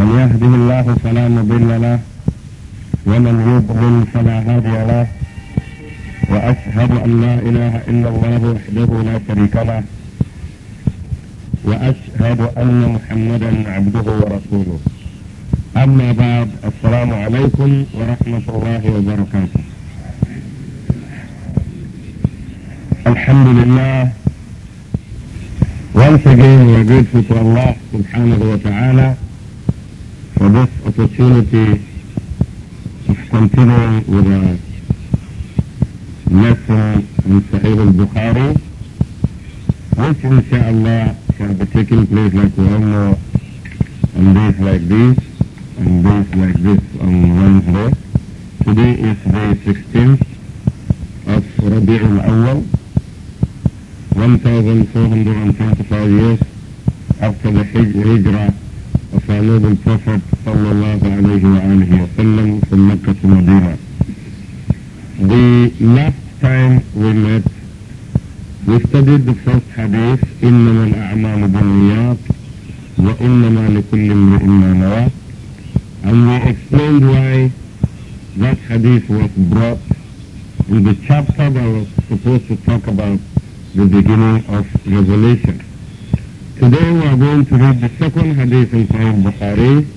من يهده الله فلا مضل له ومن يضلل فلا هادي له واشهد ان لا اله الا الله وحده لا شريك له واشهد ان محمدا عبده ورسوله اما بعد السلام عليكم ورحمه الله وبركاته الحمد لله once again we are grateful to Allah subhanahu wa ta'ala for this opportunity to continue with a lesson in Sahih al-Bukhari, which inshaAllah shall be taking place like we all know on days like this and days like this on Wednesday. Today is day 16th of Rabi' al-Awwal, 1425 years after the Hijrah صلى الله عليه وآله وسلم The last time we met, we studied the first hadith, إنما الأعمال بالنيات وإنما لكل امرئ ما نوى and we explained why that hadith was brought in the chapter that was supposed to talk about the beginning of Revelation. Today we are going to read the second hadith in Sahih Bukhari.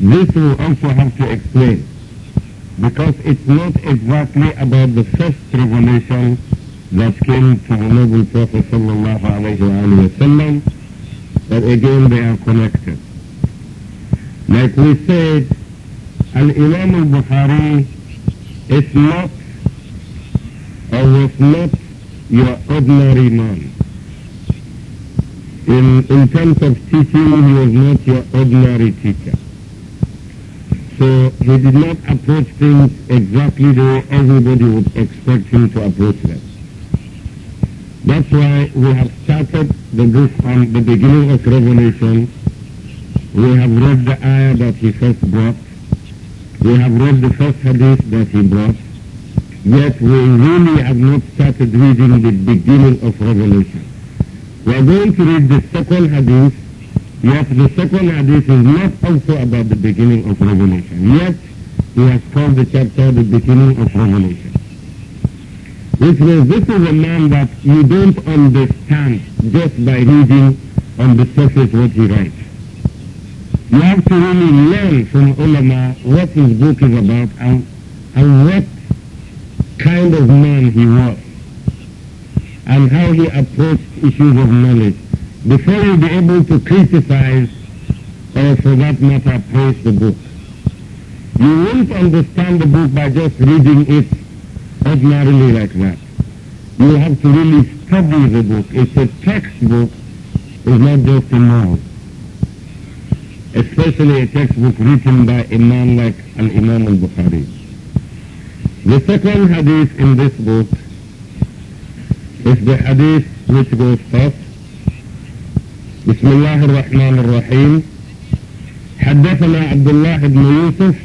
This we also have to explain because it's not exactly about the first revelation that came to the noble Prophet sallallahu alayhi wa sallam, but again they are connected. Like we said, Al-Imam al-Bukhari is not or was not your ordinary man in, in terms of teaching, he was not your ordinary teacher. So he did not approach things exactly the way everybody would expect him to approach them. That's why we have started the book from the beginning of Revelation. We have read the ayah that he first brought. We have read the first hadith that he brought. Yet we really have not started reading the beginning of Revelation. We are going to read the second hadith, yet the second hadith is not also about the beginning of Revelation. Yet, he has called the chapter the beginning of Revelation. Which means this is a man that you don't understand just by reading on the surface what he writes. You have to really learn from ulama what his book is about and, and what kind of man he was and how he approached issues of knowledge. Before you'll be able to criticize, or for that matter, praise the book. You won't understand the book by just reading it ordinarily like that. You have to really study the book. It's a textbook, it's not just a novel. Especially a textbook written by a man like an Imam al-Bukhari. The second hadith in this book is the hadith which goes بسم الله الرحمن الرحيم حدثنا عبد الله بن يوسف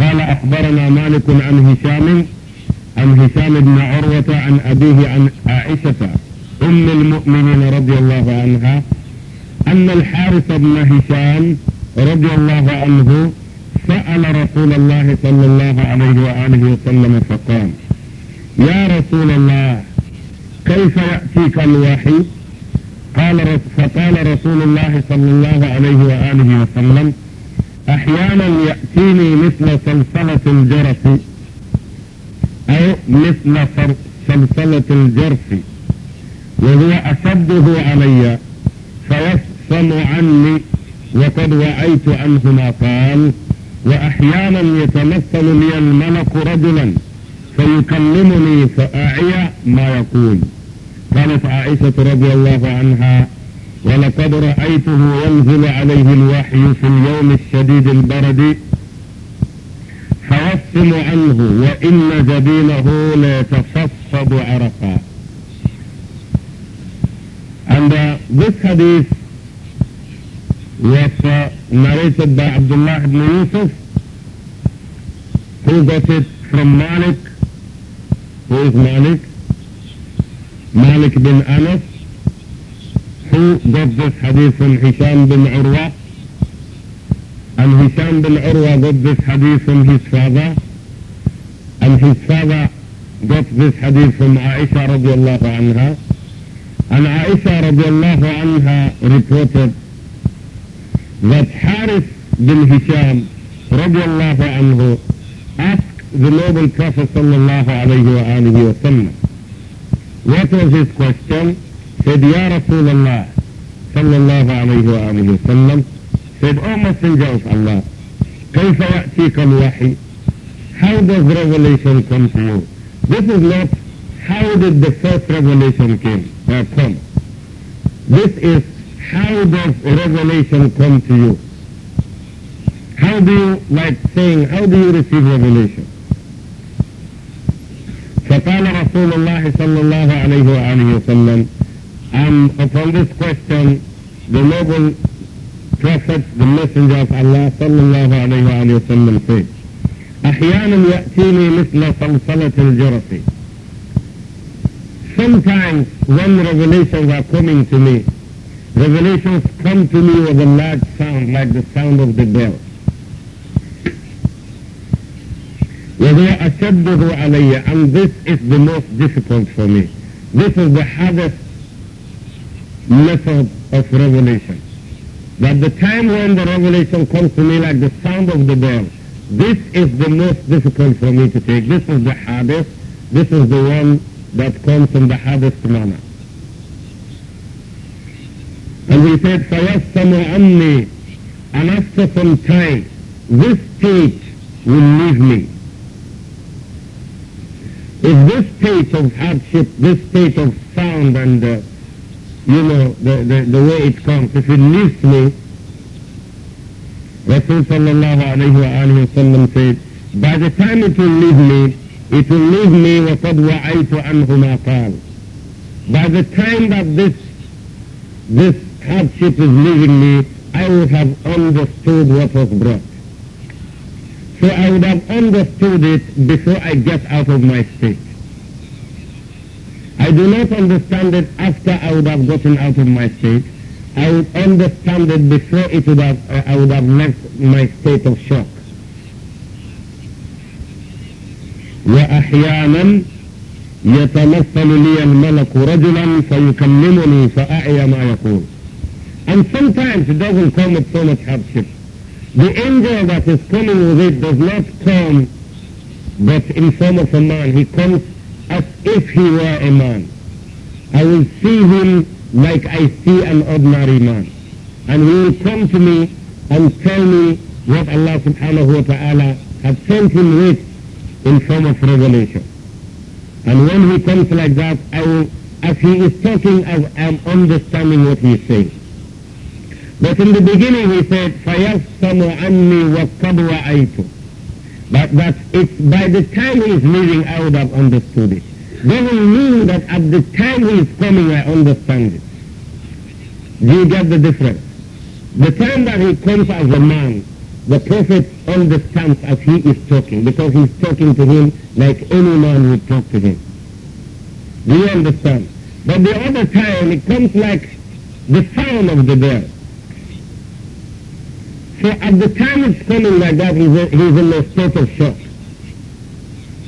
قال أخبرنا مالك عن هشام عن هشام بن عروة عن أبيه عن عائشة أم المؤمنين رضي الله عنها أن الحارث بن هشام رضي الله عنه سأل رسول الله صلى الله عليه وآله وسلم فقال يا رسول الله كيف يأتيك الوحي قال فقال رسول الله صلى الله عليه وآله وسلم أحيانا يأتيني مثل صلصلة الجرس أو مثل صلصلة الجرس وهو أشده علي فيفصل عني وقد وعيت عنه ما قال وأحيانا يتمثل لي الملك رجلا فيكلمني فأعي ما يقول قالت عائشة رضي الله عنها ولقد رأيته ينزل عليه الوحي في اليوم الشديد البرد فوصم عنه وإن جبينه ليتصفد عرقا And uh, this hadith was uh, narrated by Abdullah ibn Yusuf who got it from Malik. Who is Malik? مالك بن أنس هو ضد حديث هشام بن عروة أن هشام بن عروة ضد حديث هسفاضة أن هسفاضة ضد حديث عائشة رضي الله عنها أن عائشة رضي الله عنها reported that حارث بن هشام رضي الله عنه أسك ذنوب noble صلى الله عليه وآله وسلم What was his question? Said, Ya Rasulullah, sallallahu alayhi wa alayhi wa sallam, said, O Messenger of Allah, كيف يأتيك الوحي? How does revelation come to you? This is not how did the first revelation came, uh, come. This is how does revelation come to you? How do you, like saying, how do you receive revelation? فقال رسول الله صلى الله عليه وآله وسلم and upon this question the noble prophet the messenger of Allah صلى الله عليه وآله وسلم said أحيانا يأتيني مثل صلصلة الجرس Sometimes when revelations are coming to me, revelations come to me with a large sound like the sound of the bell. عَلَيَّ And this is the most difficult for me. This is the hardest method of revelation. That the time when the revelation comes to me like the sound of the bell, this is the most difficult for me to take. This is the hardest. This is the one that comes in the hardest manner. And we said, فَيَسَّمُ أَمِّي And after some time, this state will leave me. Is this state of hardship, this state of sound and, uh, you know, the, the, the way it comes, if it leaves me, Rasul sallallahu alayhi wa alayhi wa sallam said, by the time it will leave me, it will leave me وَقَدْ وَعَيْتُ عَنْهُ قَالُ By the time that this, this hardship is leaving me, I will have understood what was brought. So I would have understood it before I get out of my state. I do not understand it after I would have gotten out of my state. I would understand it before it would have, uh, I would have left my state of shock. وأحيانا يتمثل لي الملك رجلا فيكلمني فأعي ما يقول. And sometimes it doesn't come with so much hardship. The angel that is coming with it does not come but in form of a man. He comes as if he were a man. I will see him like I see an ordinary man. And he will come to me and tell me what Allah subhanahu wa ta'ala has sent him with in form of revelation. And when he comes like that, I will, as he is talking, I am understanding what he is saying. But in the beginning he said, فَيَصَّمُ عَنِّي وَقَدْ وَعَيْتُ But, but it's by the time he's leaving, I would have understood it. Doesn't mean that at the time he's coming, I understand it. Do you get the difference? The time that he comes as a man, the prophet understands as he is talking, because he's talking to him like any man would talk to him. Do you understand? But the other time, it comes like the sound of the bell. So at the time of coming like that, he's, a, he's in a state of shock.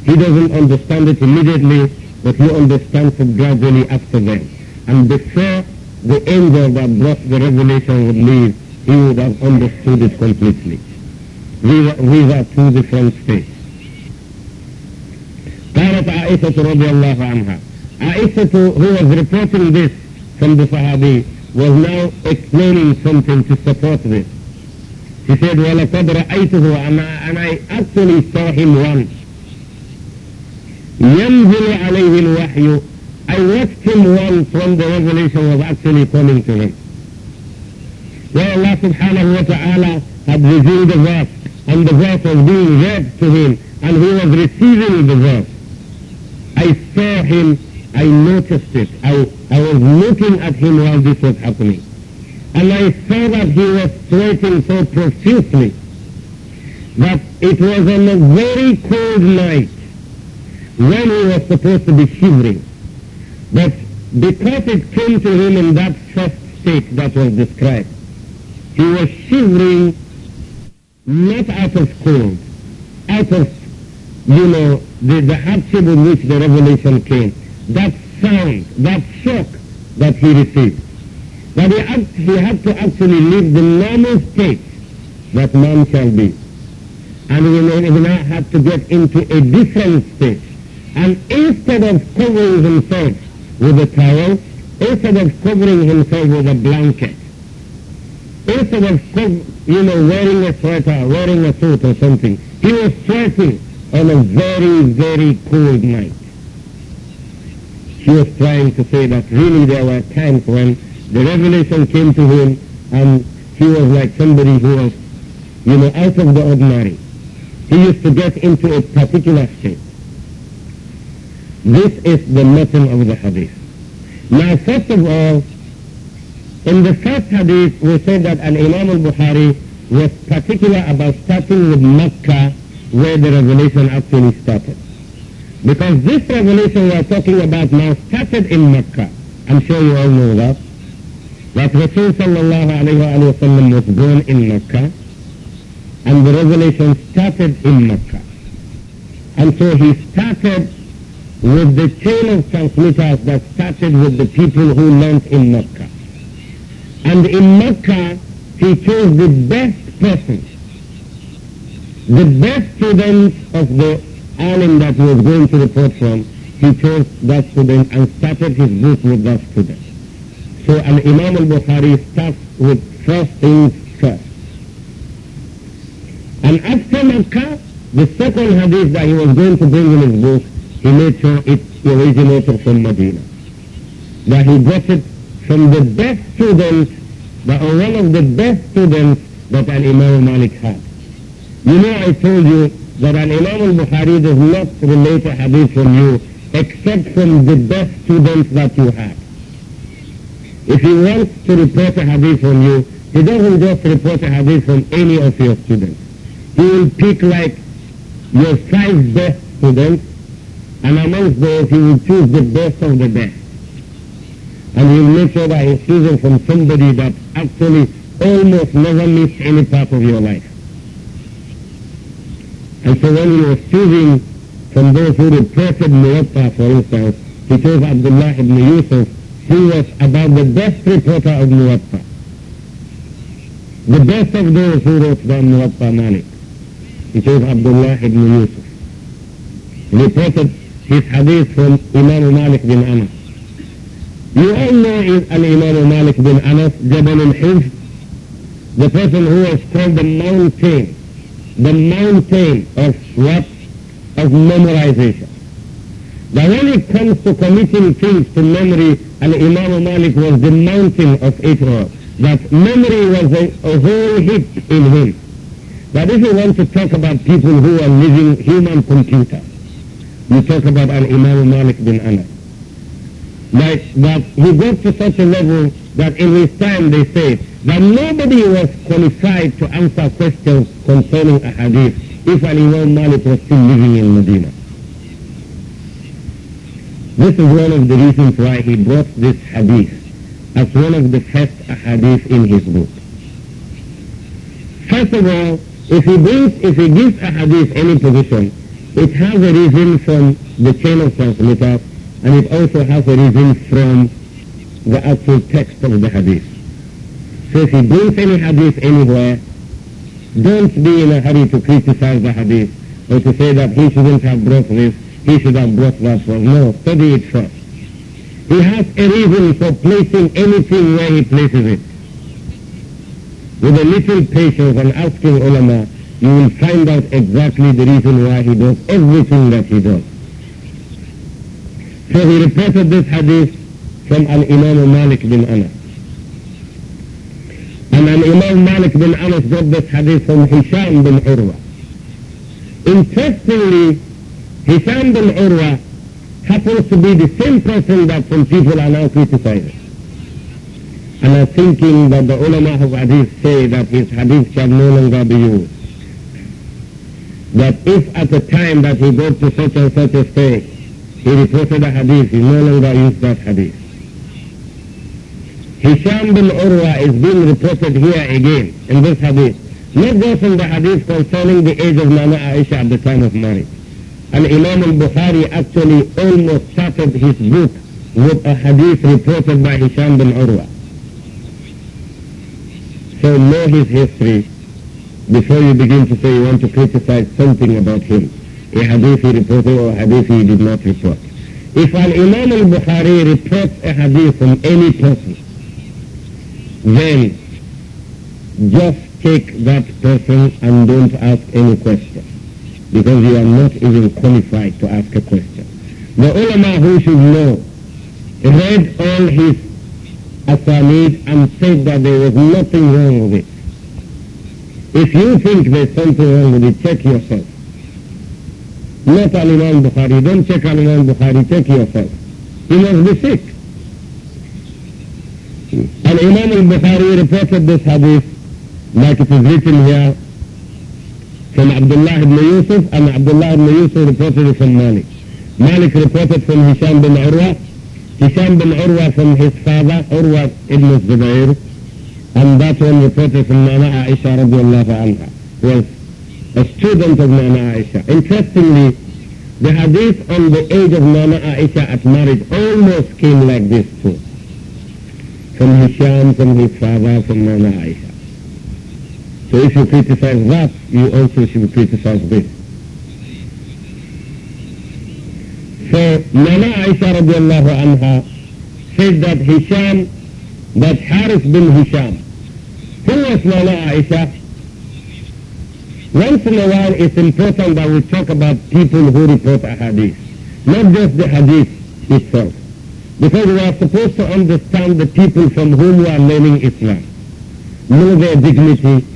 He doesn't understand it immediately, but he understands it gradually after that. And before the angel that brought the revelation would leave, he would have understood it completely. These are, these are two different states. قالت عائشة رضي الله عنها Aisha who was reporting this from the Sahabi was now explaining something to support this. He said, وَلَقَدْ رَأَيْتُهُ And I actually saw him once. I watched him once when the revelation was actually coming to him. Where Allah subhanahu wa ta'ala had revealed the verse, and the verse was being read to him, and he was receiving the verse. I saw him, I noticed it, I, I was looking at him while this was happening and I saw that he was sweating so profusely that it was on a very cold night when he was supposed to be shivering. But because it came to him in that first state that was described, he was shivering not out of cold, out of, you know, the, the hardship with which the revelation came. That sound, that shock that he received. But he, act, he had to actually live the normal state that man shall be. And he will now have to get into a different state. And instead of covering himself with a towel, instead of covering himself with a blanket, instead of, you know, wearing a sweater, wearing a suit or something, he was sweating on a very, very cold night. He was trying to say that really there were times when the revelation came to him and he was like somebody who was, you know, out of the ordinary. He used to get into a particular shape. This is the matter of the hadith. Now, first of all, in the first hadith, we said that an imam al-Bukhari was particular about starting with Mecca, where the revelation actually started. Because this revelation we are talking about now started in Mecca. I'm sure you all know that that Prophet sallallahu was born in Mecca and the revelation started in Mecca. And so he started with the chain of transmitters that started with the people who learnt in Mecca. And in Mecca, he chose the best person, the best student of the alim that he was going to report from. He chose that student and started his book with that student. So Al-Imam al-Bukhari starts with first things first. And after Makkah, the second hadith that he was going to bring in his book, he made sure it originated from Medina. That he got it from the best students, that one of the best students that Al-Imam Malik had. You know I told you that Al-Imam al-Bukhari does not relate a hadith from you except from the best students that you have. If he wants to report a hadith from you, he doesn't just report a hadith from any of your students. He will pick like your five best students, and amongst those he will choose the best of the best. And he will make sure that he's choosing from somebody that actually almost never missed any part of your life. And so when he was choosing from those who reported Muwatta, for instance, he chose Abdullah ibn Yusuf serious about the best reporter of Muwatta, the best of those who wrote the Muwatta Malik, which is Abdullah ibn Yusuf, reported his hadith from Imam Malik bin Anas. You all know Al-Imam Malik bin Anas, Jabal al-Hizb, the person who was called the mountain, the mountain of what? Of memorization. That when it comes to committing things to memory, and Imam Malik was the mountain of Iqra, that memory was a, a whole heap in him. But if you want to talk about people who are living human computers, you talk about an Imam Malik bin Anas. Like that he got to such a level that in his time they say that nobody was qualified to answer questions concerning a hadith if an Imam Malik was still living in Medina. This is one of the reasons why he brought this hadith as one of the first hadith in his book. First of all, if he brings, if he gives a hadith any position, it has a reason from the chain of transmitters, and it also has a reason from the actual text of the hadith. So if he brings any hadith anywhere, don't be in a hurry to criticize the hadith or to say that he shouldn't have brought this this is have great loss for no, study it first. He has a reason for placing anything where he places it. With a little patience and asking ulama, you will find out exactly the reason why he does everything that he does. So he reported this hadith from an Imam Malik bin Anas. And an Imam Malik bin Anas got this hadith from Hisham bin Urwa. Interestingly, Hisham bin Urwa happens to be the same person that some people are now criticizing. And are thinking that the ulama of hadith say that his hadith shall no longer be used. That if at the time that he got to such and such a state, he reported a hadith, he no longer used that hadith. Hisham bin Urwa is being reported here again in this hadith. Not just in the hadith concerning the age of Nana Aisha at the time of marriage. And Imam al-Bukhari actually almost started his book with a hadith reported by Hisham bin Urwa. So know his history before you begin to say you want to criticize something about him. A hadith he reported or a hadith he did not report. If an Imam al-Bukhari reports a hadith from any person, then just take that person and don't ask any questions because you are not even qualified to ask a question. The ulama who should know read all his asanid and said that there was nothing wrong with it. If you think there's something wrong with it, check yourself. Not Al-Imam Bukhari. Don't check Al-Imam Bukhari. Check yourself. He must be sick. And Imam al-Bukhari reported this hadith like it is written here from Abdullah ibn Yusuf and Abdullah ibn Yusuf reported from Malik. Malik reported from Hisham bin Urwa, Hisham bin Urwa from his father, Urwa ibn Zubayr, and that one reported from Mama Aisha radiallahu anha, was a student of Mama Aisha. Interestingly, the hadith on the age of Mama Aisha at marriage almost came like this too. From Hisham, from his father, from Mama Aisha. So if you criticize that, you also should criticize this. So Nana Aisha radiallahu anha said that Hisham, that Haris bin Hisham. Who was Nana Aisha? Once in a while it's important that we talk about people who report a hadith, not just the hadith itself. Because we are supposed to understand the people from whom we are learning Islam, know their dignity,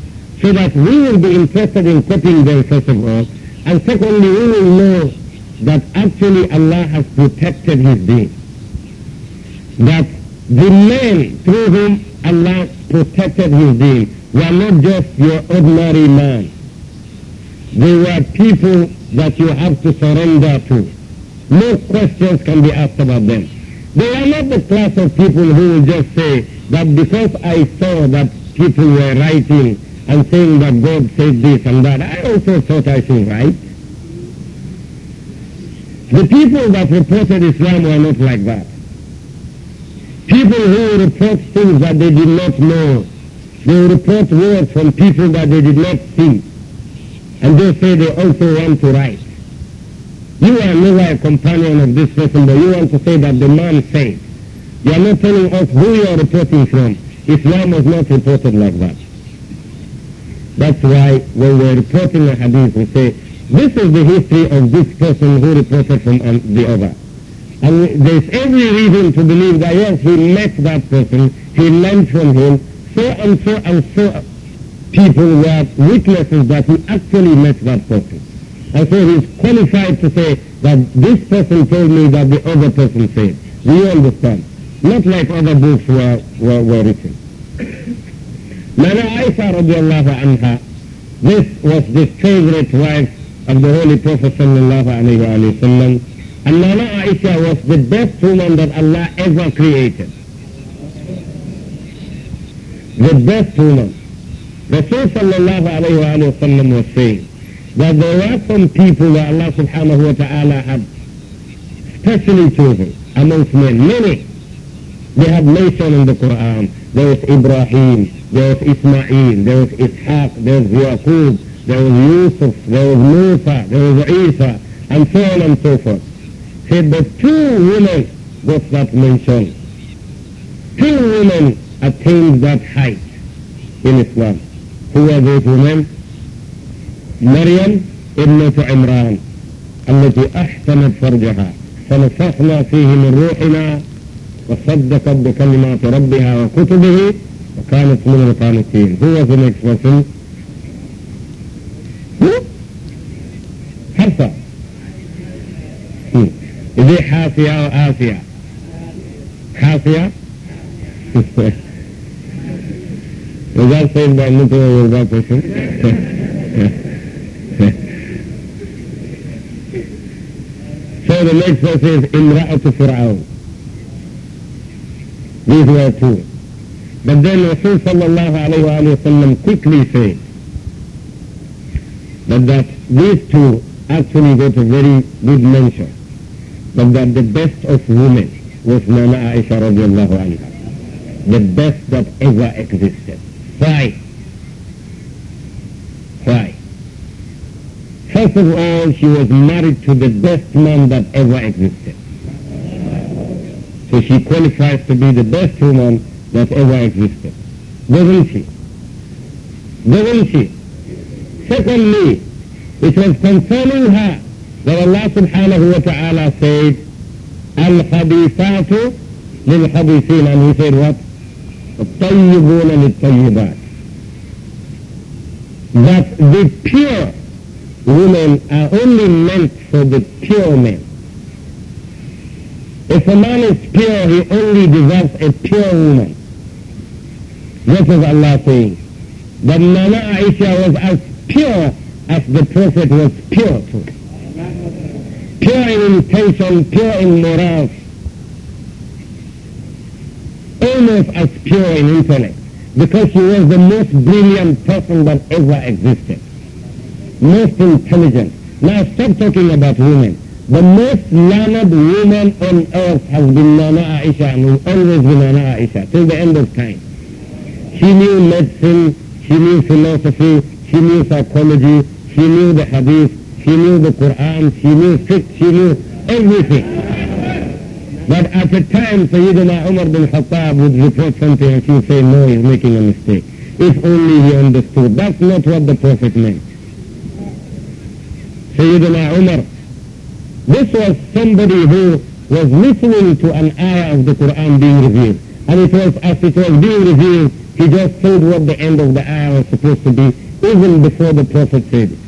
so that we will be interested in copying them, first of all, and secondly, we will know that actually Allah has protected His deen. That the men through whom Allah protected His deen were not just your ordinary man. They were people that you have to surrender to. No questions can be asked about them. They are not the class of people who will just say that because I saw that people were writing and saying that God said this and that, I also thought I should write. The people that reported Islam were not like that. People who report things that they did not know, they report words from people that they did not see, and they say they also want to write. You are never a companion of this person, but you want to say that the man said. You are not telling us who you are reporting from. Islam was not reported like that. That's why when we are reporting a hadith, we say, this is the history of this person who reported from the other. And there's every reason to believe that, yes, he met that person, he learned from him, so and so and so people were witnesses that he actually met that person. And so he's qualified to say that this person told me that the other person said. Do you understand? Not like other books were, were, were written. Mother Aisha radiallahu anha, this was the favorite wife of the Holy Prophet sallallahu alayhi wa sallam. And Mother Aisha was the best woman that Allah ever created. The best woman. Rasul sallallahu alayhi wa sallam was saying that there were some people that Allah subhanahu wa ta'ala had specially chosen amongst men, many. They have mentioned in the Quran, there was Ibrahim, there was Ismail, there was Ishaq, there was Yaqub, there was Yusuf, there was Musa, there was Isa, and so on and so forth. Said the two women got that mention. Two women attained that height in Islam. Who were those women? مريم ibn al التي أحسنت فرجها فنفخنا فيه من روحنا وصدقت بكلمات ربها وكتبه وكانت من القانتين هو في مكسوس حرفة إذي حافية أو حافية وقال سيد بأن نتوى ورباطة شو سيد امرأة فرعون These were two. But then Rasul sallallahu alayhi wa sallam quickly said that, that these two actually got a very good mention, but that the best of women was Mama Aisha radiallahu anha, the best that ever existed. Why? Why? First of all, she was married to the best man that ever existed. So she qualifies to be the best woman that ever existed. Wasn't she? Wasn't she? Secondly, it was concerning her that Allah subhanahu wa ta'ala said, Al-Khabithatu للخبيثين and he said what? الطيبون للطيبات. That the pure women are only meant for the pure men. If a man is pure, he only deserves a pure woman. This is Allah saying. But Mama Aisha was as pure as the Prophet was pure too. Pure in intention, pure in morals. Almost as pure in intellect. Because she was the most brilliant person that ever existed. Most intelligent. Now stop talking about women. The most learned woman on earth has been Nana Aisha and will always be Nana Aisha till the end of time. She knew medicine, she knew philosophy, she knew psychology, she knew the hadith, she knew the Quran, she knew fiqh, she knew everything. But at the time Sayyidina Umar bin Khattab would report something and she would say, no, he's making a mistake. If only he understood. That's not what the Prophet meant. Sayyidina Umar this was somebody who was listening to an ayah of the Quran being revealed. And it was, as it was being revealed, he just told what the end of the ayah was supposed to be, even before the Prophet said it.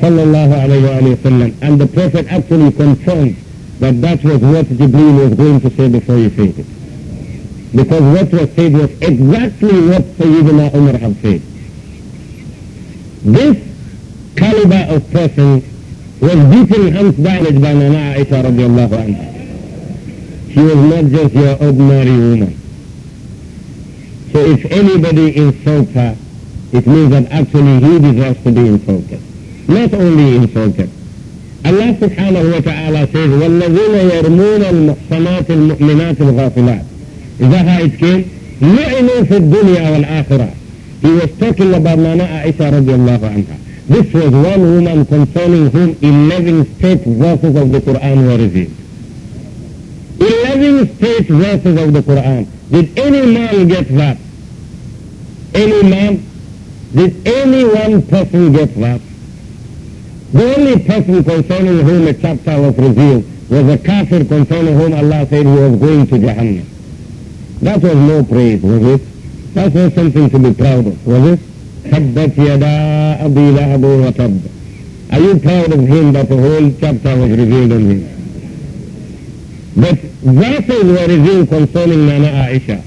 Sallallahu alayhi sallam." And the Prophet actually confirmed that that was what Jibreel was going to say before he said it. Because what was said was exactly what Sayyidina Umar had said. This caliber of person والذكر الخمس بعد باننا عائشة رضي الله عنها She was not just your ordinary woman. So if anybody insults her, it means that actually he deserves to be insulted. Not only insulted. Allah subhanahu wa ta'ala says, وَالَّذِينَ يَرْمُونَ الْمُحْصَنَاتِ الْمُؤْمِنَاتِ الْغَافِلَاتِ Is that how it came? لُعِنُوا فِي الدُّنْيَا وَالْآخِرَةِ He was talking about Nana Aisha radiallahu anha. This was one woman concerning whom 11 straight verses of the Quran were revealed. 11 straight verses of the Quran. Did any man get that? Any man? Did any one person get that? The only person concerning whom a chapter was revealed was a kafir concerning whom Allah said he was going to Jahannam. That was no praise, was it? That was something to be proud of, was it? Tabbat yada abi lahabu wa Are you proud of him that the whole chapter was revealed on him? But verses were revealed concerning Nana Aisha.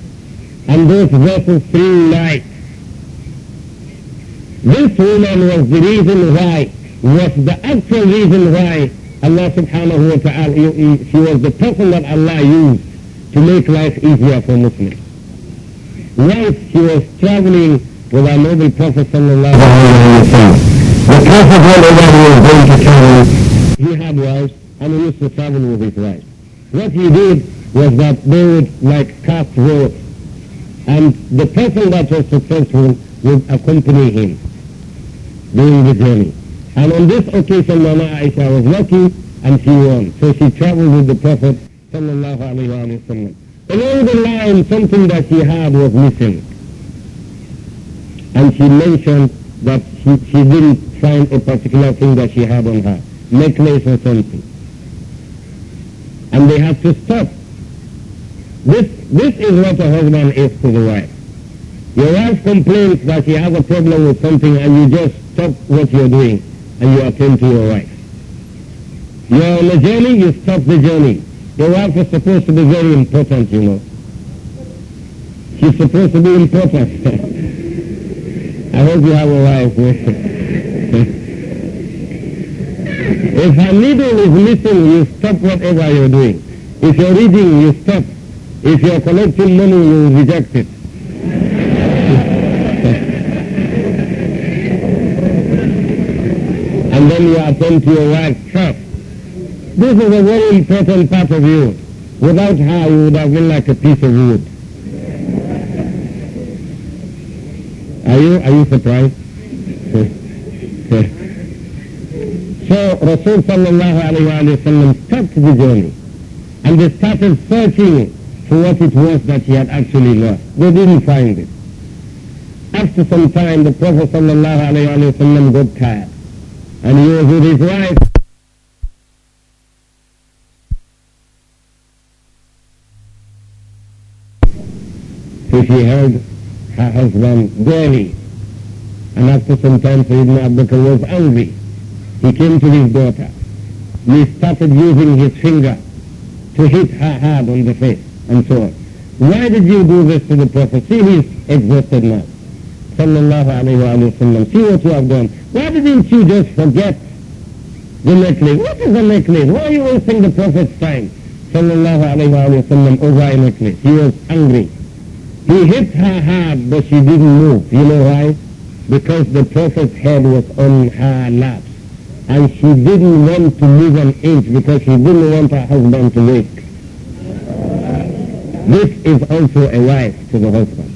And those verses through light. This woman was the reason why, was the actual reason why Allah subhanahu wa ta'ala, she was the person that Allah used to make life easier for Muslims. Once she was traveling with our noble Prophet sallallahu alayhi wa sallam. The Prophet whenever he was going to travel, he had wives and he used to travel with his wife. What he did was that they would like cast votes and the person that was successful would accompany him during the journey. And on this occasion Mama Aisha was lucky and she won. So she traveled with the Prophet sallallahu alayhi wa sallam. Along the line something that she had was missing and she mentioned that she, she didn't find a particular thing that she had on her, necklace or something. And they have to stop. This, this is what a husband is to the wife. Your wife complains that she has a problem with something and you just stop what you're doing and you attend to your wife. You're on a journey, you stop the journey. Your wife is supposed to be very important, you know. She's supposed to be important. I hope you have a wife. if her needle is missing, you stop whatever you're doing. If you're reading, you stop. If you're collecting money, you reject it. and then you attend to your wife. trust. This is a very important part of you. Without her, you would have been like a piece of wood. Are you, are you surprised? so Rasul sallallahu alayhi wa sallam stopped the journey and they started searching for what it was that he had actually lost. They didn't find it. After some time, the Prophet sallallahu alayhi wa sallam got tired and he was with his wife if he held her husband daily. And after some time, Sayyidina Abu Bakr was angry. He came to his daughter. He started using his finger to hit her hard on the face and so on. Why did you do this to the Prophet? See, he's exhausted now. Sallallahu alayhi wa sallam. See what you have done. Why didn't you just forget the necklace? What is a necklace? Why are you wasting the Prophet's time? Sallallahu alayhi wa sallam over a necklace. He was angry. He hit her hard, but she didn't move. You know why? Because the Prophet's head was on her lap. And she didn't want to move an inch because she didn't want her husband to wake. This is also a wife to the husband.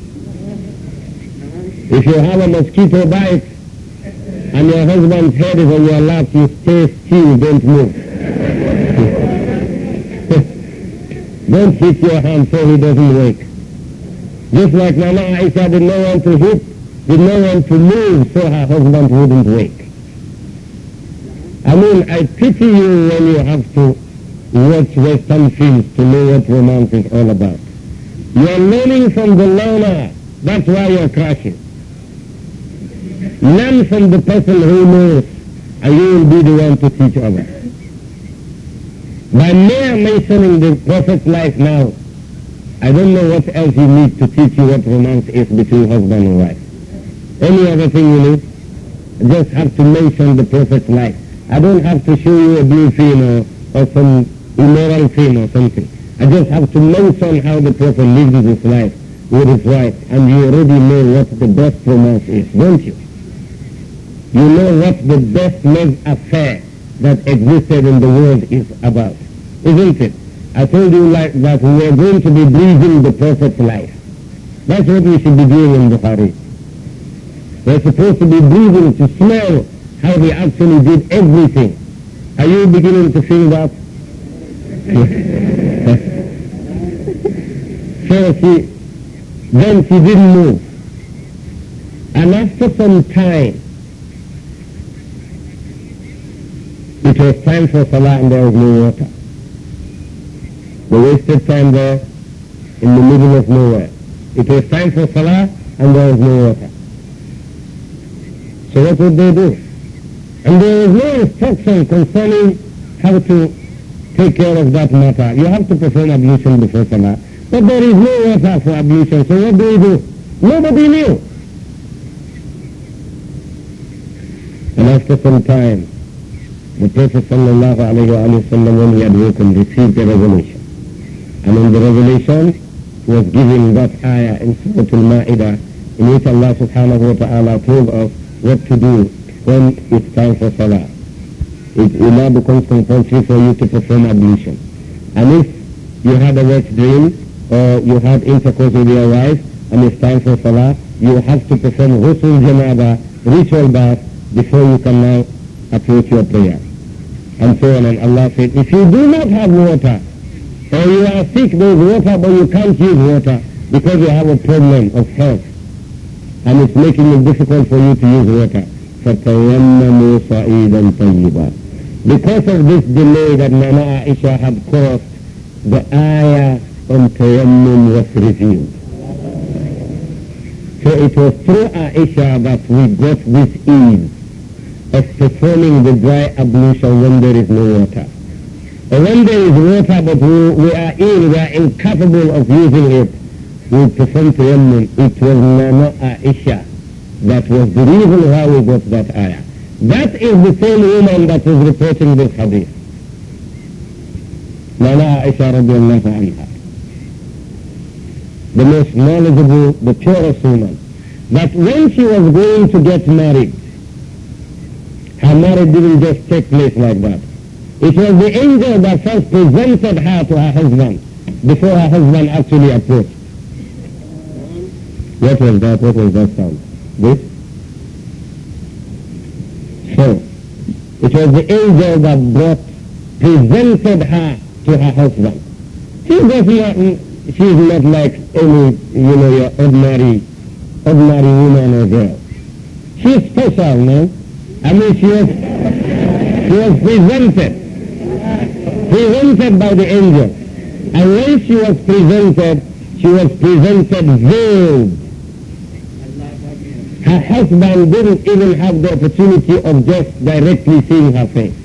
If you have a mosquito bite and your husband's head is on your lap, you stay still, don't move. don't hit your hand so he doesn't wake. Just like Mama Aisha did not one to hit, did no one to move so her husband wouldn't wake. I mean, I pity you when you have to watch Western films to know what romance is all about. You are learning from the learner. That's why you're crashing. Learn from the person who knows, and you will be the one to teach others. By mere mentioning the Prophet's life now, I don't know what else you need to teach you what romance is between husband and wife. Any other thing you need? Just have to mention the Prophet's life. I don't have to show you a blue film or, or some immoral film or something. I just have to mention how the Prophet lived his life with his wife, and you already know what the best romance is, don't you? You know what the best love affair that existed in the world is about, isn't it? I told you like that we are going to be breathing the Prophet's life. That's what we should be doing in Bukhari. We're supposed to be breathing to smell how he actually did everything. Are you beginning to feel that? so she, then she didn't move. And after some time, it was time for Salah and there was no water. They wasted time there in the middle of nowhere. It was time for salah and there was no water. So what would they do? And there was no instruction concerning how to take care of that matter. You have to perform ablution before salah. But there is no water for ablution, so what do you do? Nobody knew. And after some time, the Prophet sallallahu alayhi wa sallam, when he had woken, received a revelation among the revelations was given that ayah in Surah Al-Ma'idah in which Allah subhanahu wa ta'ala told us what to do when it's time for salah. It will now become compulsory for you to perform ablution. And if you had a wet dream or you had intercourse with your wife and it's time for salah, you have to perform ghusl janaba, ritual bath, before you can now approach your prayer. And so on. And Allah said, if you do not have water, or you are sick, there is water, but you can't use water because you have a problem of health. And it's making it difficult for you to use water. Musaid صَعِيدًا طَيِّبًا Because of this delay that Mama Aisha had caused, the ayah on tayammum was revealed. So it was through Aisha that we got this ease of performing the dry ablution when there is no water when there is water but we, we are ill, we are incapable of using it, we to tayammum. It was Mama Aisha. That was the reason why we got that ayah. That is the same woman that was reporting this hadith. Mama Aisha radiallahu anha. The most knowledgeable, the purest woman. That when she was going to get married, her marriage didn't just take place like that. It was the angel that first presented her to her husband, before her husband actually approached. What was that? What was that sound? This? So, it was the angel that brought, presented her to her husband. She does not, she's not like any, you know, your ordinary, ordinary woman or girl. She's special, no? I mean, she was, she was presented. Presented by the angel. And when she was presented, she was presented veiled. Her husband didn't even have the opportunity of just directly seeing her face.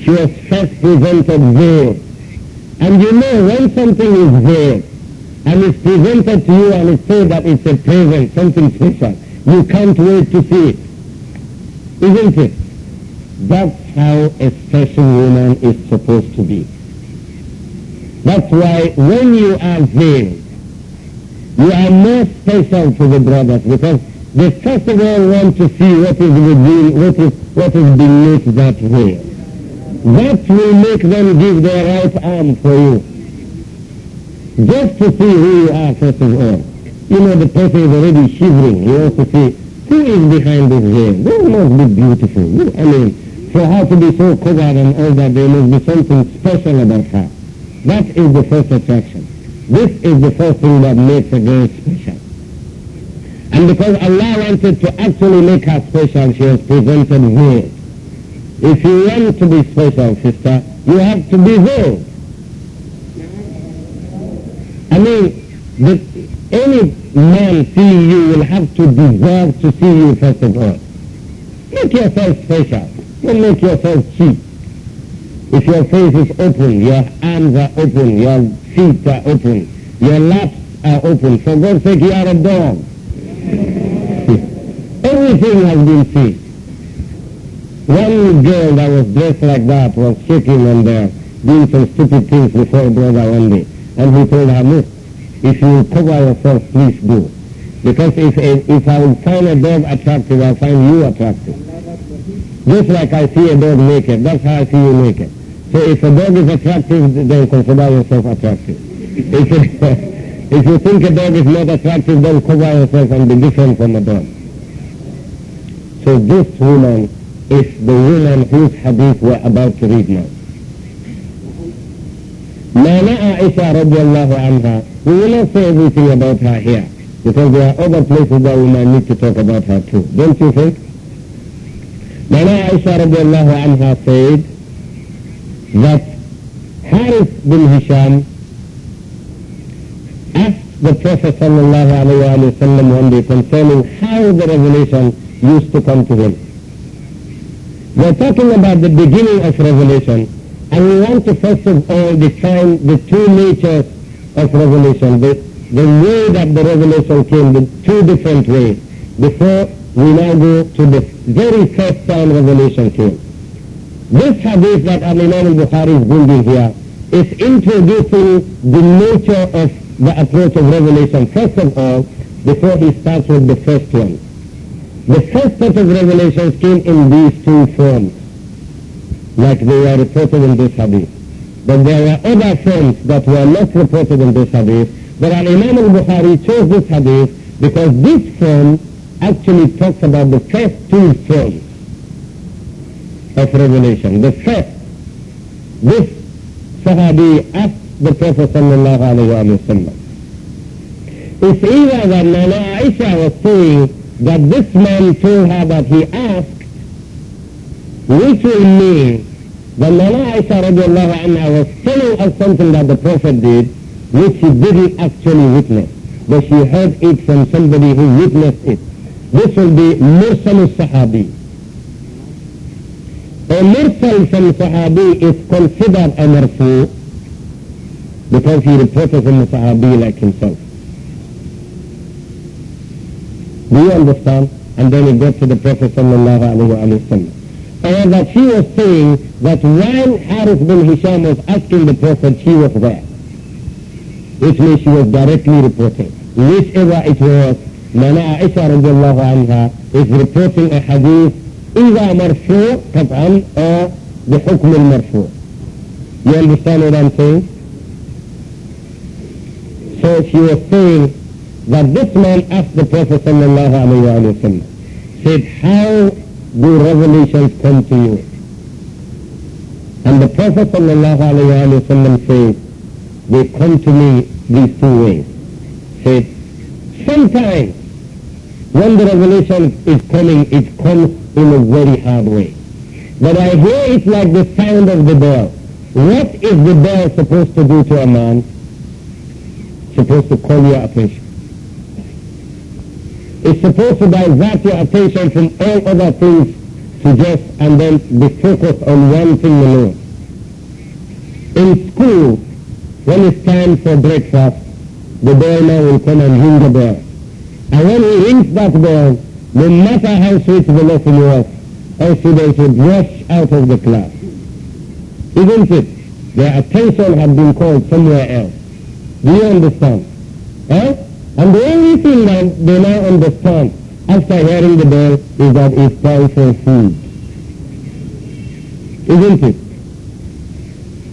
She was first presented veiled. And you know, when something is veiled, and it's presented to you and it's said that it's a present, something special, you can't wait to see it. Isn't it? That's how a special woman is supposed to be. That's why when you are veiled, you are more special to the brothers because they first of all want to see what is within, what is, what is beneath that veil. That will make them give their right arm for you. Just to see who you are first of all. You know, the person is already shivering. You want to see who is behind this veil. They must be beautiful. I mean, so how to be so qadar and all that there must be something special about her. That is the first attraction. This is the first thing that makes a girl special. And because Allah wanted to actually make her special, she was presented veiled. If you want to be special, sister, you have to be veiled. I mean, that any man seeing you will have to deserve to see you first of all. Make yourself special. You make yourself cheap. If your face is open, your arms are open, your feet are open, your laps are open, for God's sake, you are a dog. Everything has been seen. One girl that was dressed like that was shaking and uh, doing some stupid things before a brother one day. And he told her, look, if you cover yourself, please do. Because if, if I find a dog attractive, I'll find you attractive. Just like I see a dog naked, that's how I see you naked. So if a dog is attractive, then consider yourself attractive. If, if you think a dog is not attractive, then cover yourself and be different from a dog. So this woman is the woman whose hadith we're about to read now. Nana Aisha radiallahu anha, we will not say everything about her here, because there are other places that we might need to talk about her too, don't you think? Aisha radiallahu anha said that Harith bin Hisham asked the Prophet sallallahu alayhi wa one day concerning how the revelation used to come to him. We're talking about the beginning of revelation and we want to first of all define the two natures of revelation, the, the way that the revelation came, the two different ways, before we now go to the very first time revelation came. This hadith that imam al-Bukhari is bringing here is introducing the nature of the approach of revelation, first of all, before he starts with the first one. The first set of revelations came in these two forms, like they were reported in this hadith. But there were other forms that were not reported in this hadith, but imam al-Bukhari chose this hadith because this form actually talks about the first two forms of revelation. The first, this Sahabi asked the Prophet sallallahu alayhi wa If either that Nana Aisha was saying that this man told her that he asked, which will mean that Nana Aisha radiallahu anha was telling us something that the Prophet did, which she didn't actually witness, but she heard it from somebody who witnessed it. This will be mursal sahabi. A mursal from sahabi is considered a Mursu because he reported from the sahabi like himself. Do you understand? And then he goes to the Prophet sallallahu alaihi wasallam. And that she was saying that when Harith bin Hisham was asking the Prophet, she was there. Which means she was directly reporting. Whichever it was, منع عائشة رضي الله عنها is reporting a hadith إذا مرفوع طبعا أو بحكم المرفوع. You understand what I'm saying? So she was saying that this man asked the Prophet صلى الله عليه وسلم said, how do revelations come to you? And the Prophet صلى الله عليه وسلم said, they come to me these two ways. Said, sometimes when the revelation is coming, it comes in a very hard way. But I hear it like the sound of the bell. What is the bell supposed to do to a man? Supposed to call your attention. It's supposed to divert your attention from all other things to just and then be focused on one thing alone. In school, when it's time for breakfast, the man will come and ring the bell. And when he rings that bell, no matter how sweet the lesson was, all students would rush out of the class. Isn't it? Their attention had been called somewhere else. Do you understand? Eh? And the only thing that they now understand after hearing the bell is that it's time for food. Isn't it?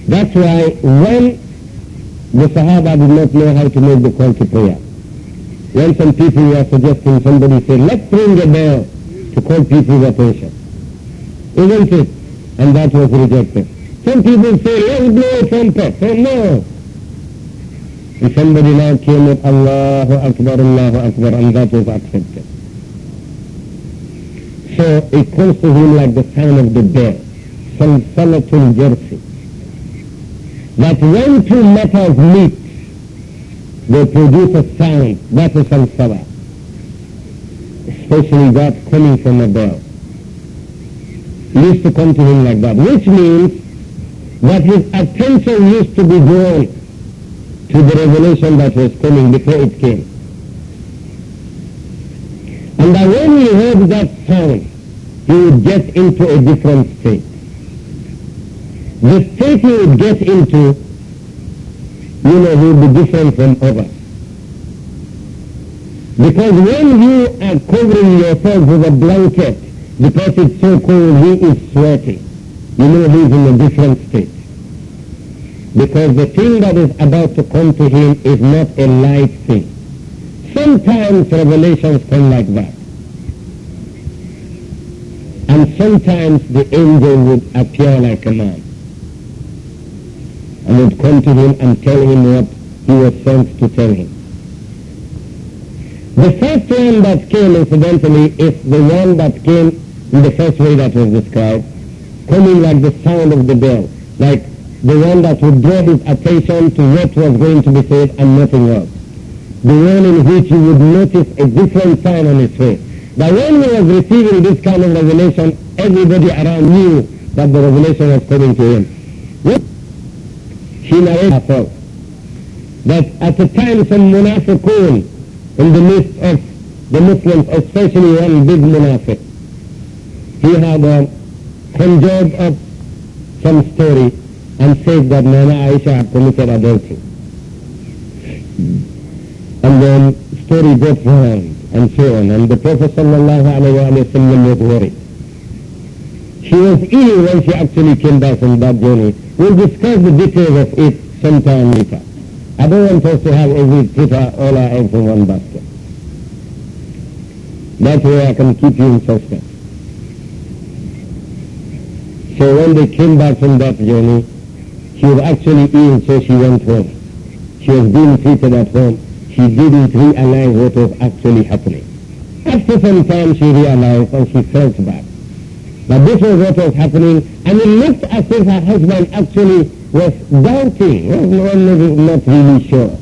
That's why when the Sahaba did not know how to make the call to prayer. When some people were suggesting, somebody said, let's ring a bell to call people's attention. Isn't it? And that was rejected. Some people say, let's blow a trumpet. Oh no! And somebody now came with Allahu Akbar, Allahu Akbar, and that was accepted. So it comes to him like the sound of the bell. Some salatul Jersey that when two metals meet, they produce a sound. That is samsara. Especially that coming from a bell. Used to come to him like that, which means that his attention used to be drawn to the revelation that was coming before it came. And that when he heard that sound, he would get into a different state the state he would get into, you know, would be different from others. Because when you are covering yourself with a blanket because it's so cold, he is sweating. You know he's in a different state. Because the thing that is about to come to him is not a light thing. Sometimes revelations come like that. And sometimes the angel would appear like a man and would come to him and tell him what he was sent to tell him. The first one that came, incidentally, is the one that came in the first way that was described, coming like the sound of the bell, like the one that would draw his attention to what was going to be said and nothing else. The one in which you would notice a different sign on his face. But when he was receiving this kind of revelation, everybody around knew that the revelation was coming to him. What she narrated that at the time some munafiqun in the midst of the Muslims, especially one big munafiq, he had a conjured up some story and said that Nana Aisha had committed adultery. And then story got round and so on. And the Prophet ﷺ was worried. She was ill when she actually came back from that journey We'll discuss the details of it sometime later. I don't want us to have every detail all our eggs in one basket. That way I can keep you in suspense. So when they came back from that journey, she was actually ill, so she went home. She was being treated at home. She didn't realize what was actually happening. After some time she realized and she felt bad. But this was what was happening, and it looked as if her husband actually was doubting, was not, not really sure.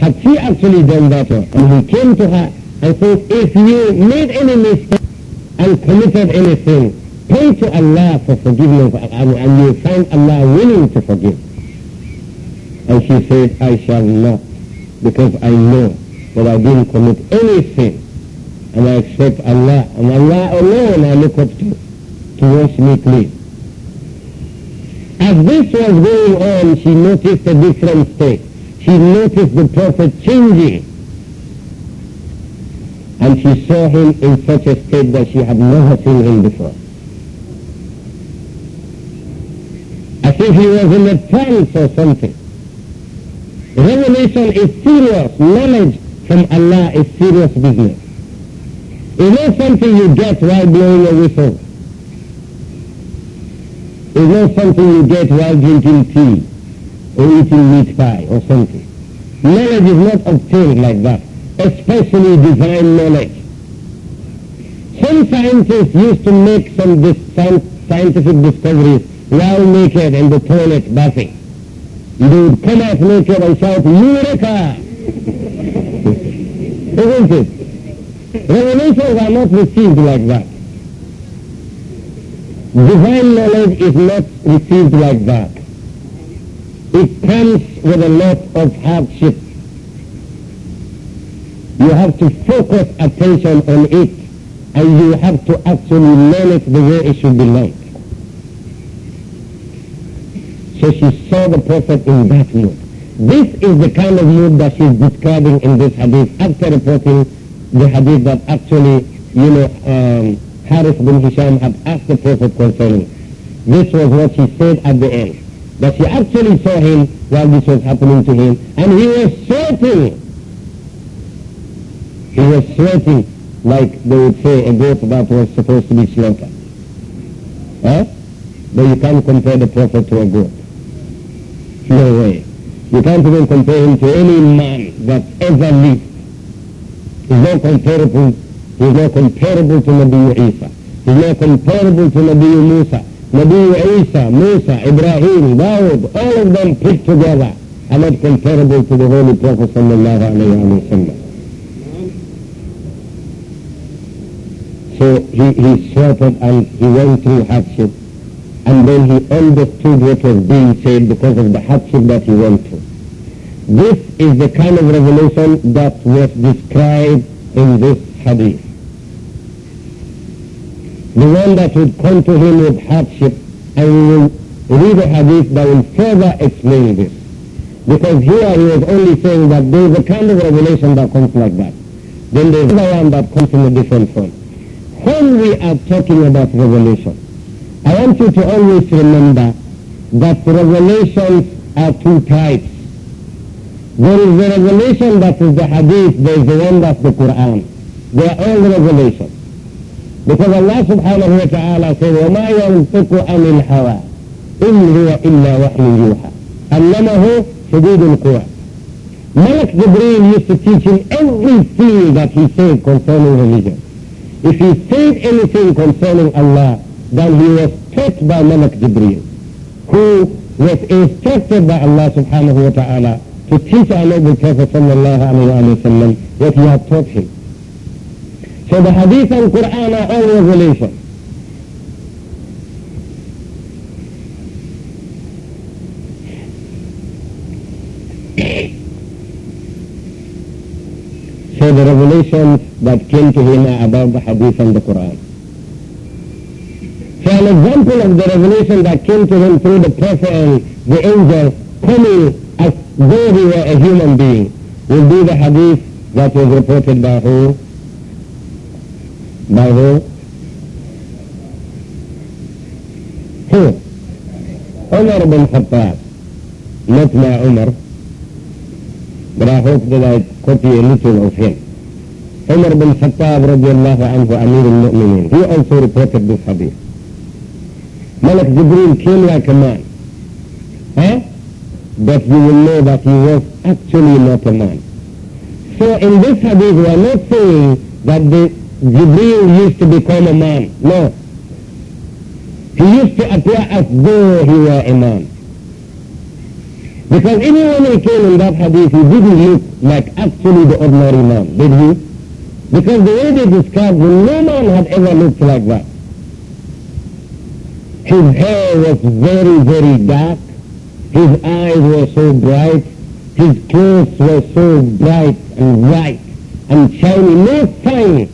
Had she actually done that? And he came to her and said, if you made any mistake and committed anything, pray to Allah for forgiveness and you'll find Allah willing to forgive. And she said, I shall not, because I know that I didn't commit anything. And I accept Allah, and Allah alone I look up to fiercely clean. As this was going on, she noticed a different thing. She noticed the Prophet changing. And she saw him in such a state that she had never seen him before. As if he was in a trance or something. Revelation is serious. Knowledge from Allah is serious business. It is not something you get while blowing a whistle. It's not something you get while drinking tea or eating meat pie or something. Knowledge is not obtained like that, especially divine knowledge. Some scientists used to make some scientific discoveries while naked in the toilet bathing. They would come out naked and shout, Eureka! Isn't it? Revelations are not received like that. Divine knowledge is not received like that. It comes with a lot of hardship. You have to focus attention on it and you have to actually learn it the way it should be learned. So she saw the Prophet in that mood. This is the kind of mood that she's describing in this hadith after reporting the hadith that actually, you know, um, Harith bin Hisham had asked the Prophet concerning. This was what he said at the end. That he actually saw him while this was happening to him. And he was sweating. He was sweating like they would say a goat that was supposed to be slaughtered. Huh? But you can't compare the Prophet to a goat. No way. You can't even compare him to any man that ever lived. He's not comparable He's not comparable to Nabi Isa. He's not comparable to Nabi Musa. Nabi Isa, Musa, Ibrahim, Dawood, all of them put together are not comparable to the Holy Prophet sallallahu alayhi wa sallam. So he, he suffered and he went through hardship and then he understood what was being said because of the hardship that he went through. This is the kind of revelation that was described in this hadith the one that would come to him with hardship. And we will read the hadith that will further explain this. Because here he was only saying that there is a kind of revelation that comes like that. Then there is another one that comes in a different form. When we are talking about revelation, I want you to always remember that revelations are two types. There is the revelation that is the hadith, there is the one that's the Quran. They are all revelations. because Allah subhanahu wa ta'ala said, وَمَا يَنْطِقُ عَنِ الْهَوَىٰ إِنْ هُوَ إِلَّا وَحْيٌ يُوحَىٰ علمه شديد القوى ملك جبريل used to teach him everything that he said concerning religion. If he said anything concerning Allah, then he was taught by Malak Jibreel, who was instructed by Allah subhanahu wa ta'ala to teach our noble Prophet sallallahu alayhi wa sallam what he had taught him. So the hadith and Quran are all revelation. So the revelations that came to him are about the hadith and the Quran. So an example of the revelation that came to him through the prophet and the angel coming as though he were a human being will be the hadith that was reported by who? by the عمر بن الخطاب not by عمر but I hope that I copy a little of him عمر بن الخطاب رضي الله عنه أمير المؤمنين he also reported this hadith ملك جبريل came like a man huh? but you will know that he was actually not a man so in this hadith we are not saying that the Jibreel used to become a man. No. He used to appear as though he were a man. Because anyone who came in that hadith, he didn't look like actually the ordinary man, did he? Because the way they described him, no man had ever looked like that. His hair was very, very dark. His eyes were so bright. His clothes were so bright and white and shiny. No sign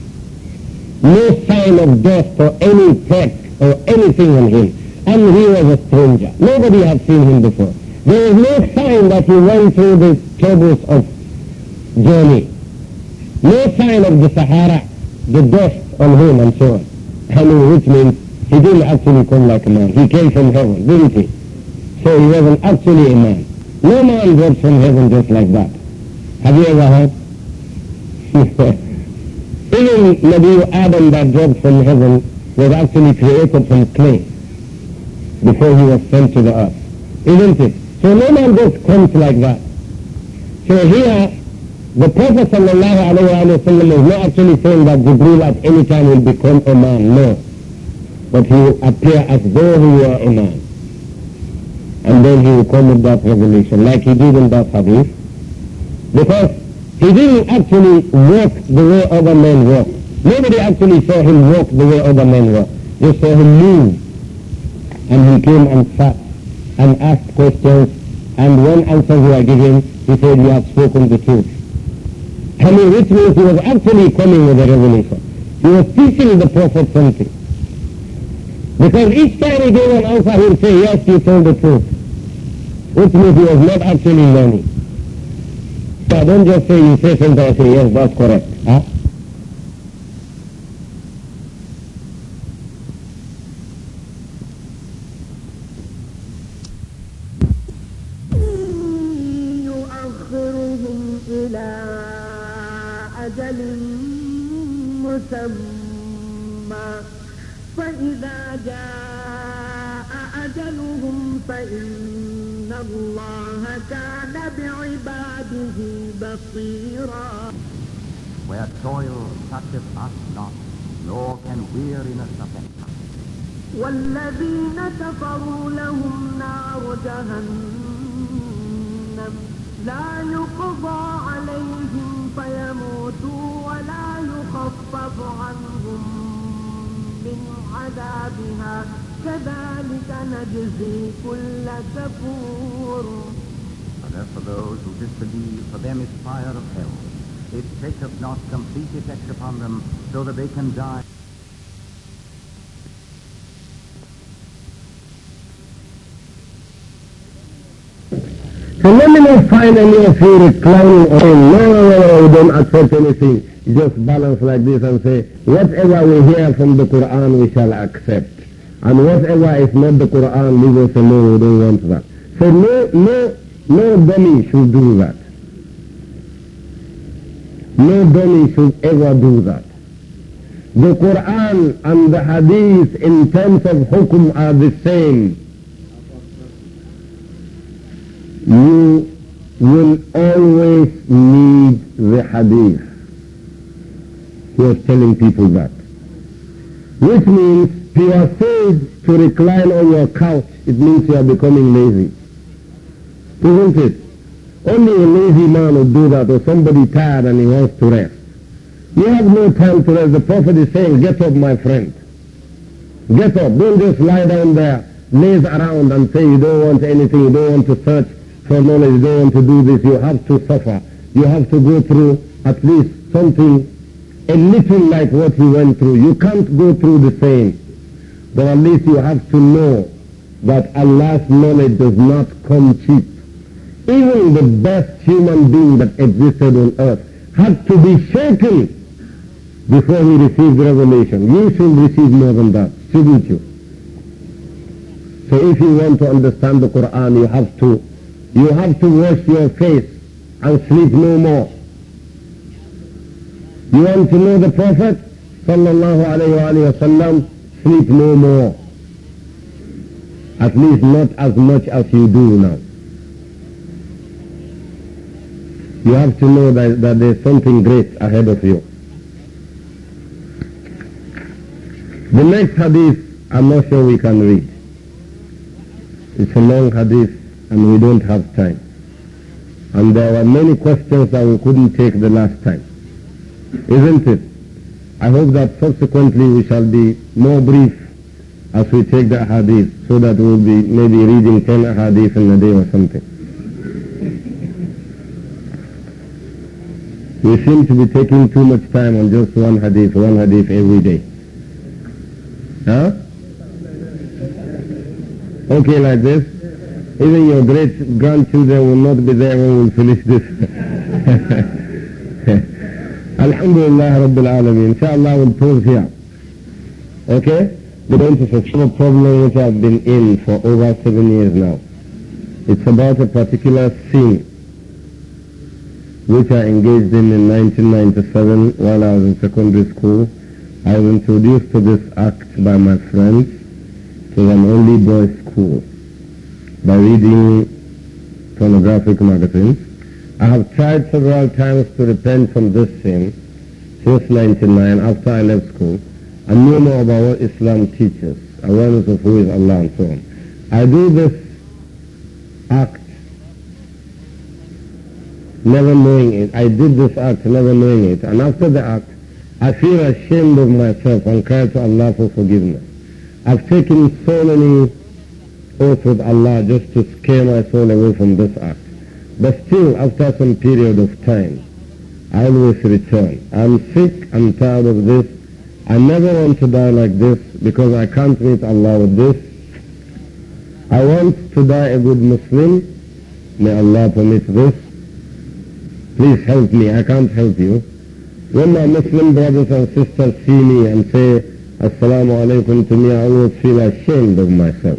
no sign of death or any threat or anything on him. And he was a stranger. Nobody had seen him before. There is no sign that he went through the troubles of journey. No sign of the Sahara, the dust on him and so on. I mean, which means he didn't actually come like a man. He came from heaven, didn't he? So he wasn't actually a man. No man drops from heaven just like that. Have you ever heard? Even Nabi Adam that dropped from heaven was actually created from clay before he was sent to the earth. Isn't it? So no man just comes like that. So here, the Prophet ﷺ is not actually saying that Jibreel at any time will become a man, no. But he will appear as though he were a man. And then he will come with that revelation, like he did in that hadith. Because he didn't actually walk the way other men walk. Nobody actually saw him walk the way other men walk. They saw him move. And he came and sat and asked questions. And when answers were given, he said, you have spoken the truth. I mean, which means he was actually coming with a revelation. He was teaching the prophet something. Because each time he gave an answer, he would say, yes, you told the truth. Which means he was not actually learning. pardon, just say you say something, I say yes, that's correct. بصيرا Where toil toucheth us not, nor can weariness affect us. والذين كفروا لهم نار جهنم لا يقضى عليهم فيموتوا ولا يخفف عنهم من عذابها كذلك نجزي كل كفور for those who disbelieve, for them is fire of hell. It taketh not complete effect upon them, so that they can die. So let me not find any of you reclining or no, no, no, no, don't accept anything. Just balance like this and say, whatever we hear from the Quran, we shall accept. And whatever is not the Quran, leave us alone, we don't want that. So no, no no dummy should do that. No dummy should ever do that. The Quran and the Hadith in terms of hukum are the same. You will always need the Hadith. He was telling people that. Which means if you are forced to recline on your couch. It means you are becoming lazy. Isn't it? Only a lazy man would do that, or somebody tired and he wants to rest. You have no time to rest. The Prophet is saying, get up, my friend. Get up. Don't just lie down there, laze around and say you don't want anything, you don't want to search for knowledge, you don't want to do this. You have to suffer. You have to go through at least something a little like what you went through. You can't go through the same. But at least you have to know that Allah's knowledge does not come cheap even the best human being that existed on earth had to be shaken before he received revelation. You should receive more than that, shouldn't you? So if you want to understand the Quran, you have to, you have to wash your face and sleep no more. You want to know the Prophet? Sallallahu alayhi sallam, sleep no more. At least not as much as you do now. You have to know that, that there's something great ahead of you. The next hadith, I'm not sure we can read. It's a long hadith and we don't have time. And there were many questions that we couldn't take the last time. Isn't it? I hope that subsequently we shall be more brief as we take the hadith so that we'll be maybe reading 10 hadith in a day or something. We seem to be taking too much time on just one hadith, one hadith every day. Huh? Okay, like this? Even your great grandchildren will not be there when we finish this. Alhamdulillah Rabbil Alameen. Inshallah we'll pause here. Okay? But this is a small problem which I've been in for over seven years now. It's about a particular scene which I engaged in in 1997 while I was in secondary school. I was introduced to this act by my friends to an only boys school by reading pornographic magazines. I have tried several times to repent from this sin since 99 after I left school and knew more about what Islam teaches, awareness of who is Allah and so on. I do this act never knowing it. I did this act, never knowing it. And after the act, I feel ashamed of myself and cry to Allah for forgiveness. I've taken so many oaths with Allah just to scare my soul away from this act. But still, after some period of time, I always return. I'm sick, I'm tired of this. I never want to die like this because I can't meet Allah with this. I want to die a good Muslim. May Allah permit this please help me, I can't help you. When my Muslim brothers and sisters see me and say, Assalamu alaikum to me, I always feel ashamed of myself,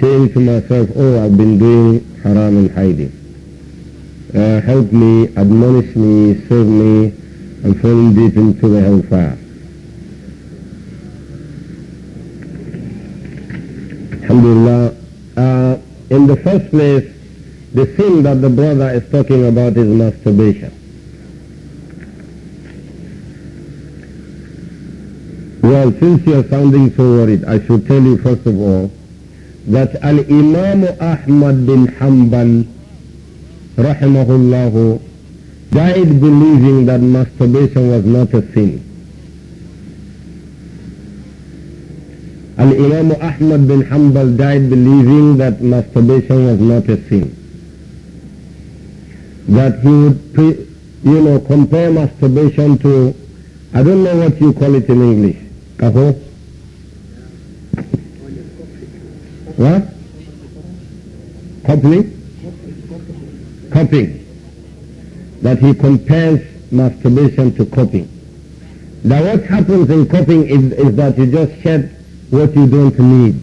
saying to myself, oh, I've been doing haram and hiding. Uh, help me, admonish me, save me, I'm falling deep into the hellfire. Alhamdulillah. Uh, in the first place, the sin that the brother is talking about is masturbation. Well, since you are sounding so worried, I should tell you first of all that Al-Imam Ahmad bin Hanbal, rahimahullah, died believing that masturbation was not a sin. Al-Imam Ahmad bin Hanbal died believing that masturbation was not a sin that he would, pre, you know, compare masturbation to, I don't know what you call it in English. Kaho? What? Coupling? Copying. That he compares masturbation to copying. Now what happens in copying is, is that you just shed what you don't need.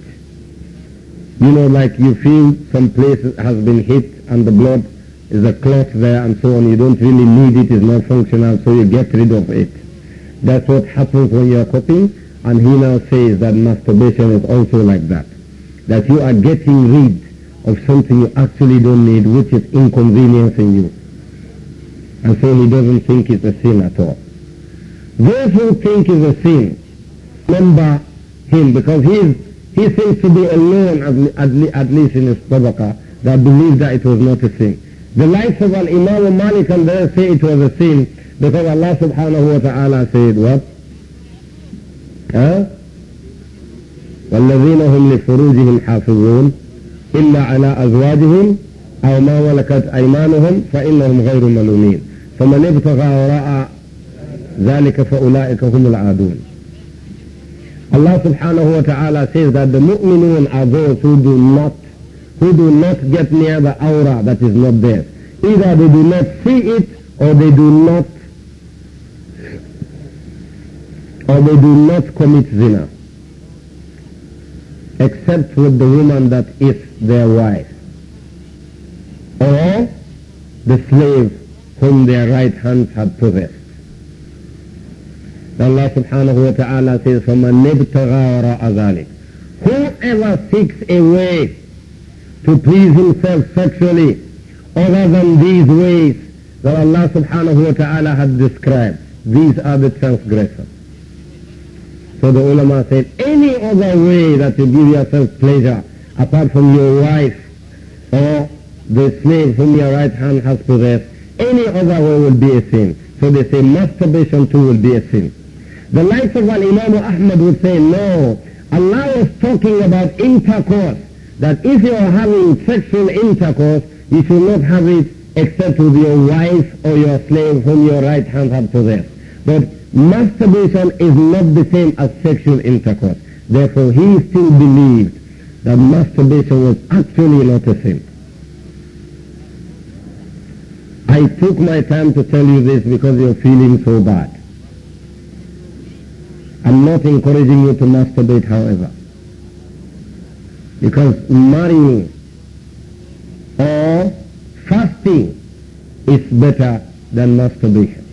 You know, like you feel some place has been hit and the blood is a clot there and so on. You don't really need it, it's not functional, so you get rid of it. That's what happens when you are copying. And he now says that masturbation is also like that. That you are getting rid of something you actually don't need, which is inconveniencing you. And so he doesn't think it's a sin at all. Those who think it's a sin, remember him, because he, is, he seems to be alone, at, at, at least in his tabaka, that believe that it was not a sin. The likes of Al-Imam Malik and they say it was a sin because Allah subhanahu wa ta'ala said what? والذين هم لفروجهم حافظون إلا على أزواجهم أو ما ملكت أيمانهم فإنهم غير ملومين فمن ابتغى وراء ذلك فأولئك هم العادون Allah subhanahu wa ta'ala says that the mu'minun are those who do not who do not get near the aura that is not there. Either they do not see it or they do not or they do not commit zina except with the woman that is their wife or the slave whom their right hands have possessed. Allah subhanahu wa ta'ala says, Whoever seeks a way to please himself sexually other than these ways that Allah subhanahu wa ta'ala had described. These are the transgressors. So the ulama said, any other way that you give yourself pleasure apart from your wife or the slave whom your right hand has possessed, any other way will be a sin. So they say masturbation too will be a sin. The likes of Imam Ahmad would say, no, Allah is talking about intercourse that if you are having sexual intercourse, you should not have it except with your wife or your slave whom your right hand have possessed. But masturbation is not the same as sexual intercourse. Therefore, he still believed that masturbation was actually not a sin. I took my time to tell you this because you're feeling so bad. I'm not encouraging you to masturbate, however. Because marrying or fasting is better than masturbation.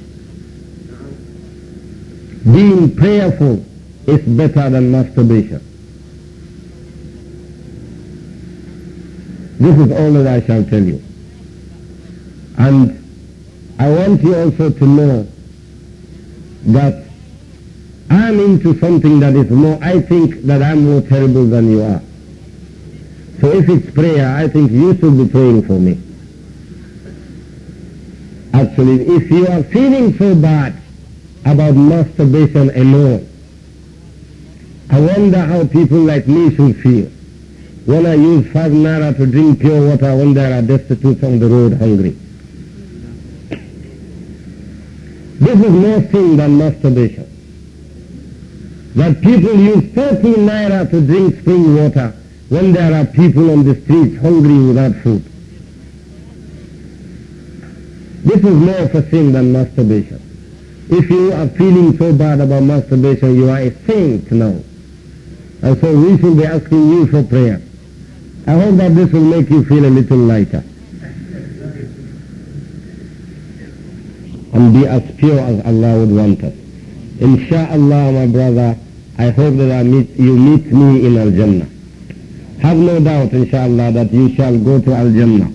Being prayerful is better than masturbation. This is all that I shall tell you. And I want you also to know that I'm into something that is more, I think that I'm more terrible than you are. So if it's prayer, I think you should be praying for me. Actually, if you are feeling so bad about masturbation alone, I wonder how people like me should feel. When I use five naira to drink pure water when there are destitute on the road hungry. This is more sin than masturbation. That people use 30 naira to drink spring water when there are people on the streets hungry without food. This is more of a sin than masturbation. If you are feeling so bad about masturbation, you are a saint now. And so we should be asking you for prayer. I hope that this will make you feel a little lighter. And be as pure as Allah would want us. Insha'Allah, my brother, I hope that I meet, you meet me in Al-Jannah. Have no doubt, inshallah, that you shall go to Al-Jannah.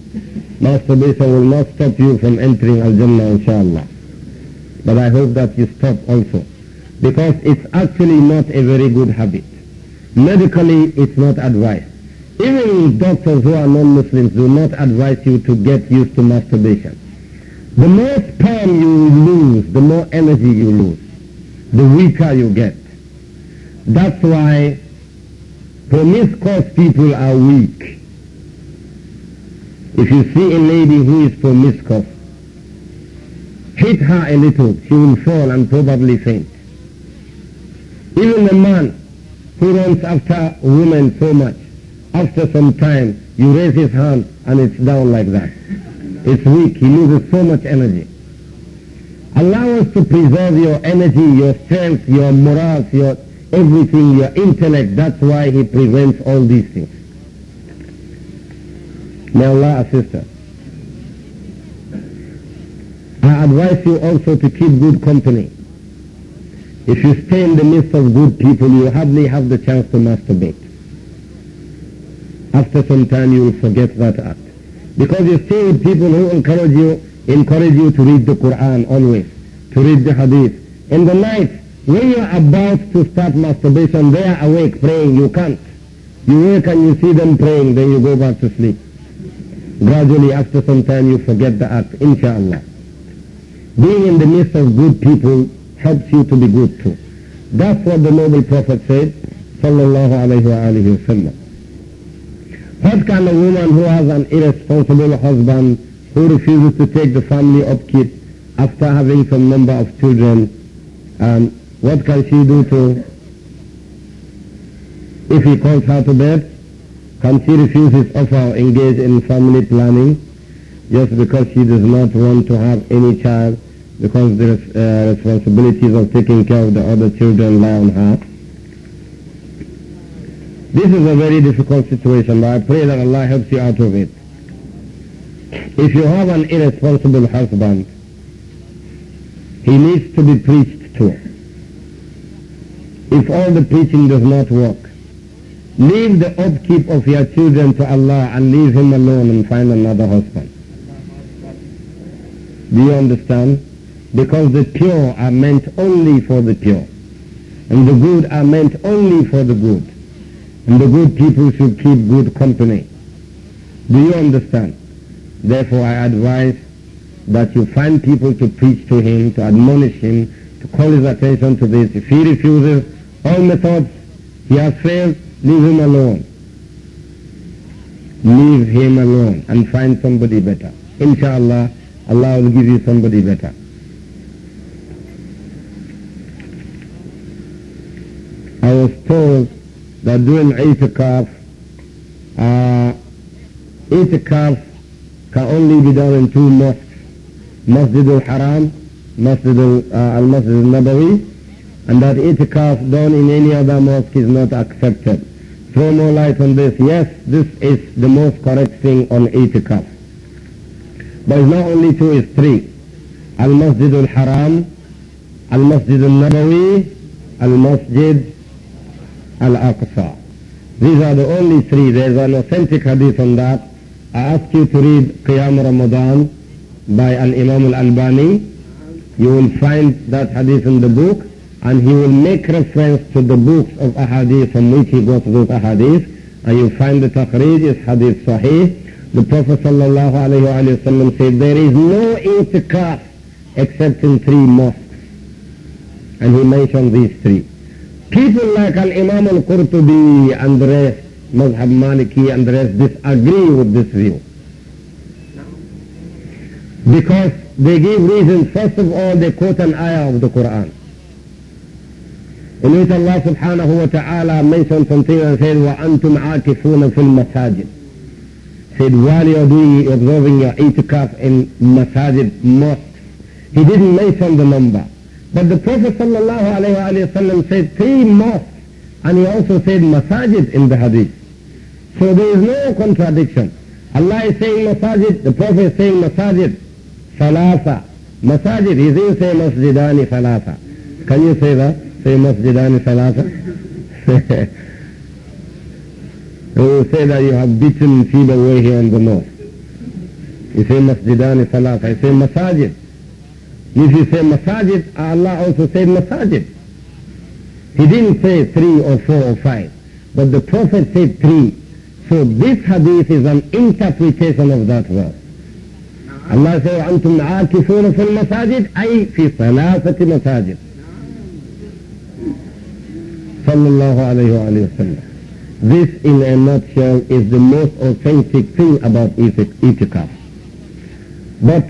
Masturbation will not stop you from entering Al-Jannah, inshallah. But I hope that you stop also. Because it's actually not a very good habit. Medically, it's not advised. Even doctors who are non-Muslims do not advise you to get used to masturbation. The more sperm you lose, the more energy you lose, the weaker you get. That's why Promiscuous people are weak. If you see a lady who is promiscuous, hit her a little, she will fall and probably faint. Even the man who runs after women so much, after some time, you raise his hand and it's down like that. It's weak, he loses so much energy. Allow us to preserve your energy, your strength, your morals, your everything, your intellect. That's why he prevents all these things. May Allah assist us. I advise you also to keep good company. If you stay in the midst of good people, you hardly have the chance to masturbate. After some time, you will forget that act. Because you stay with people who encourage you, encourage you to read the Quran always, to read the Hadith. In the night, when you are about to start masturbation, they are awake praying. You can't. You wake and you see them praying, then you go back to sleep. Gradually, after some time, you forget the act, inshallah. Being in the midst of good people helps you to be good too. That's what the noble prophet said, sallallahu alayhi wa alayhi wa What kind of woman who has an irresponsible husband who refuses to take the family upkeep after having some number of children um, what can she do to, if he calls her to bed, can she refuse his offer, engage in family planning, just because she does not want to have any child, because the uh, responsibilities of taking care of the other children lie on her? This is a very difficult situation, but I pray that Allah helps you out of it. If you have an irresponsible husband, he needs to be preached to if all the preaching does not work. Leave the upkeep of your children to Allah and leave him alone and find another husband. Do you understand? Because the pure are meant only for the pure. And the good are meant only for the good. And the good people should keep good company. Do you understand? Therefore I advise that you find people to preach to him, to admonish him, to call his attention to this. If he refuses, all methods, he has failed, leave him alone. Leave him alone and find somebody better. Inshallah, Allah will give you somebody better. I was told that doing itikaf, uh, itikaf can only be done in two mosques, Masjid al-Haram, Masjid uh, al-Masjid uh, al nabawi and that itikaf done in any other mosque is not accepted. Throw more light on this. Yes, this is the most correct thing on itikaf. But it's not only two, it's three. Al-Masjid al-Haram, Al-Masjid al-Nabawi, Al-Masjid al-Aqsa. These are the only three. There's an authentic hadith on that. I ask you to read Qiyam Ramadan by Al-Imam al-Albani. You will find that hadith in the book and he will make reference to the books of ahadith from which he got those ahadith and you find the taqreed is hadith sahih the Prophet sallallahu alayhi wa said there is no itikaf except in three mosques and he mentioned these three people like al-Imam al-Qurtubi and the rest Mazhab Maliki and the rest disagree with this view because they give reason first of all they quote an ayah of the Quran in which Allah subhanahu wa ta'ala mentioned something and said, وَأَنْتُمْ عَاكِفُونَ فِي الْمَسَاجِدِ Said, while you're doing, you're observing your itikaf in masajid, mosques, he didn't mention the number. But the Prophet صلى sallallahu alayhi وسلم said three mosques, and he also said masajid in the hadith. So there is no contradiction. Allah is saying masajid, the Prophet is saying masajid, salasa. Masajid, he didn't say masjidani salasa. Can you say that? مسجدان ثلاثة. you say that you have beaten feet away here in the north. You say masjidani salat. You say masajid. If you say masajid, Allah also said masajid. He didn't say three or four or five, but the Prophet said three. So this hadith is an interpretation of that verse. Allah says, أنتم عاكفون في المساجد أي في ثلاثة مساجد. الله عليه وآله وسلم This in a nutshell is the most authentic thing about itikaf. But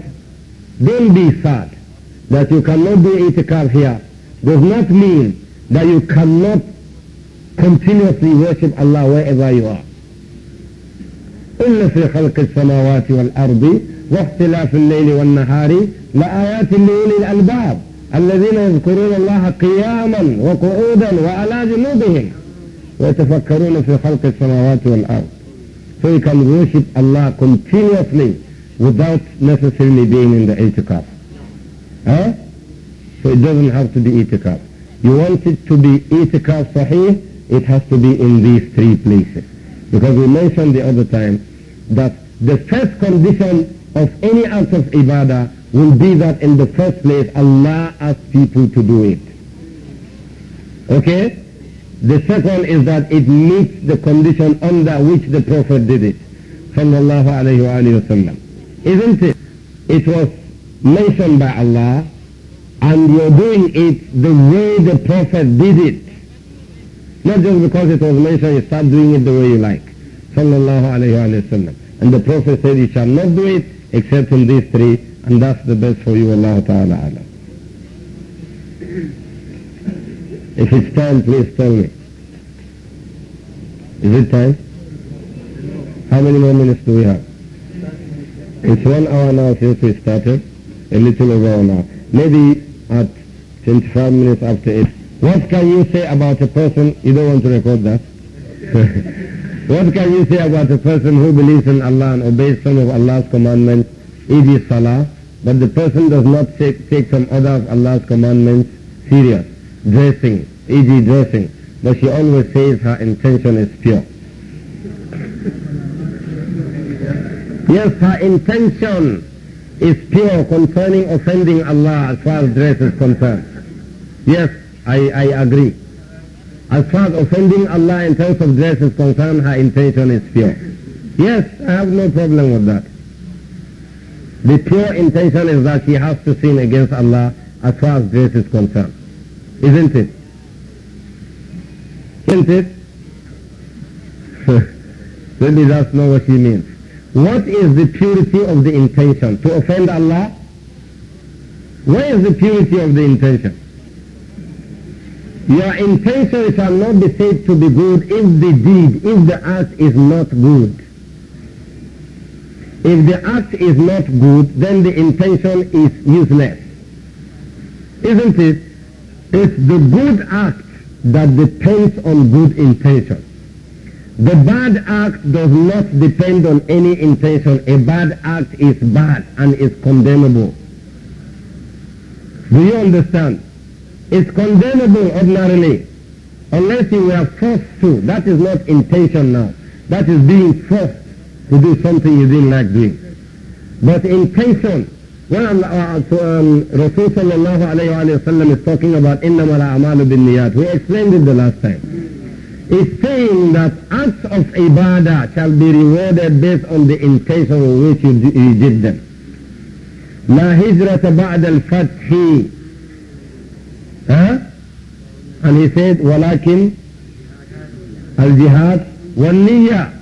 don't be sad that you cannot do itikaf here does not mean that you cannot continuously worship Allah wherever you are. إلا في خلق السماوات والأرض واختلاف الليل والنهار لآيات لأولي الألباب الذين يذكرون الله قياما وقعودا وعلى جنوبهم ويتفكرون في خلق السماوات والأرض So you can worship Allah continuously without necessarily being in the itikaf. Huh? So it doesn't have to be itikaf. You want it to be itikaf sahih, it has to be in these three places. Because we mentioned the other time that the first condition of any act of ibadah will be that in the first place Allah asks people to do it. Okay? The second is that it meets the condition under which the Prophet did it. Sallallahu alayhi wa sallam. Isn't it? It was mentioned by Allah and you're doing it the way the Prophet did it. Not just because it was mentioned, you start doing it the way you like. Sallallahu alayhi wa sallam. And the Prophet said you shall not do it except in these three and that's the best for you, Allah Ta'ala If it's time, please tell me. Is it time? How many more minutes do we have? It's one hour now since we started, a little over an hour. Maybe at 25 minutes after 8. What can you say about a person, you don't want to record that? what can you say about a person who believes in Allah and obeys some of Allah's commandments, e.g. Salah, but the person does not take, take some other of Allah's commandments serious. Dressing, easy dressing. But she always says her intention is pure. Yes, her intention is pure concerning offending Allah as far as dress is concerned. Yes, I, I agree. As far as offending Allah in terms of dress is concerned, her intention is pure. Yes, I have no problem with that. The pure intention is that he has to sin against Allah as far as grace is concerned. Isn't it? Isn't it? Maybe that's not what he means. What is the purity of the intention? To offend Allah? Where is the purity of the intention? Your intention shall not be said to be good if the deed, if the act is not good. If the act is not good, then the intention is useless. Isn't it? It's the good act that depends on good intention. The bad act does not depend on any intention. A bad act is bad and is condemnable. Do you understand? It's condemnable ordinarily, unless you were forced to. That is not intention now. That is being forced to do something you didn't like doing. But intention, when Allah, uh, um, Rasul sallallahu alayhi wa sallam is talking about إِنَّمَا الْأَعْمَالُ niyat We explained it the last time. It's saying that acts of ibadah shall be rewarded based on the intention with which you, did them. لا هجرة بعد الفتح huh? And he said, ولكن الجهاد والنية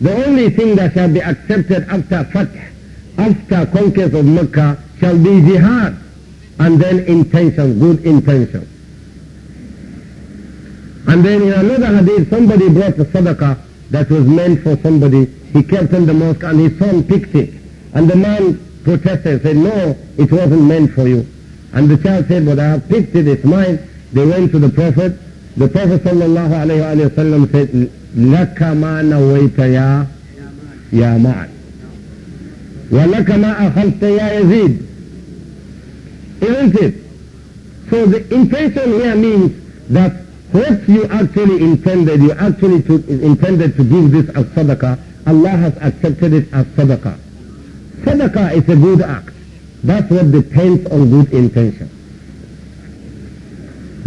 the only thing that shall be accepted after Fatih, after conquest of Mecca, shall be jihad, and then intention, good intention. And then in another hadith, somebody brought a sadaqah that was meant for somebody. He kept in the mosque and his son picked it. And the man protested, said, no, it wasn't meant for you. And the child said, but I have picked it, it's mine. They went to the Prophet. The Prophet sallallahu alayhi wa sallam said, لك ما نويت يا يا معن ولك ما أخذت يا يزيد isn't it? So the intention here means that what you actually intended, you actually intended to give this as sadaqah, Allah has accepted it as sadaqah. Sadaqah is a good act. That's what depends on good intention.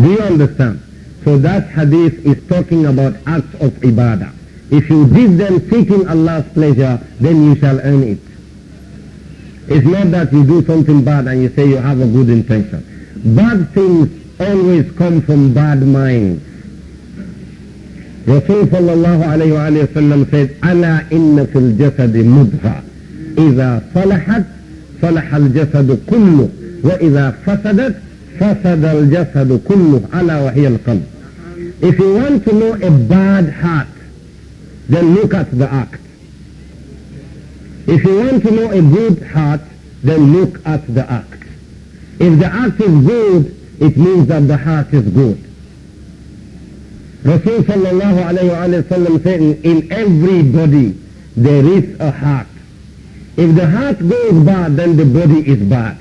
Do you understand? So that hadith is talking about acts of ibadah. If you did them seeking Allah's pleasure, then you shall earn it. It's not that you do something bad and you say you have a good intention. Bad things always come from bad minds. Rasul sallallahu alayhi wa, alayhi wa sallam said, أَلَا إِنَّ فِي الْجَسَدِ مُضْغَةً إِذَا صَلَحَتْ صَلَحَ الْجَسَدُ كُلُّهُ وَإِذَا فَسَدَتْ فسد الجسد كله على وهي القلب If you want to know a bad heart, then look at the act. If you want to know a good heart, then look at the act. If the act is good, it means that the heart is good. Rasul sallallahu alayhi wa sallam said, in every body there is a heart. If the heart goes bad, then the body is bad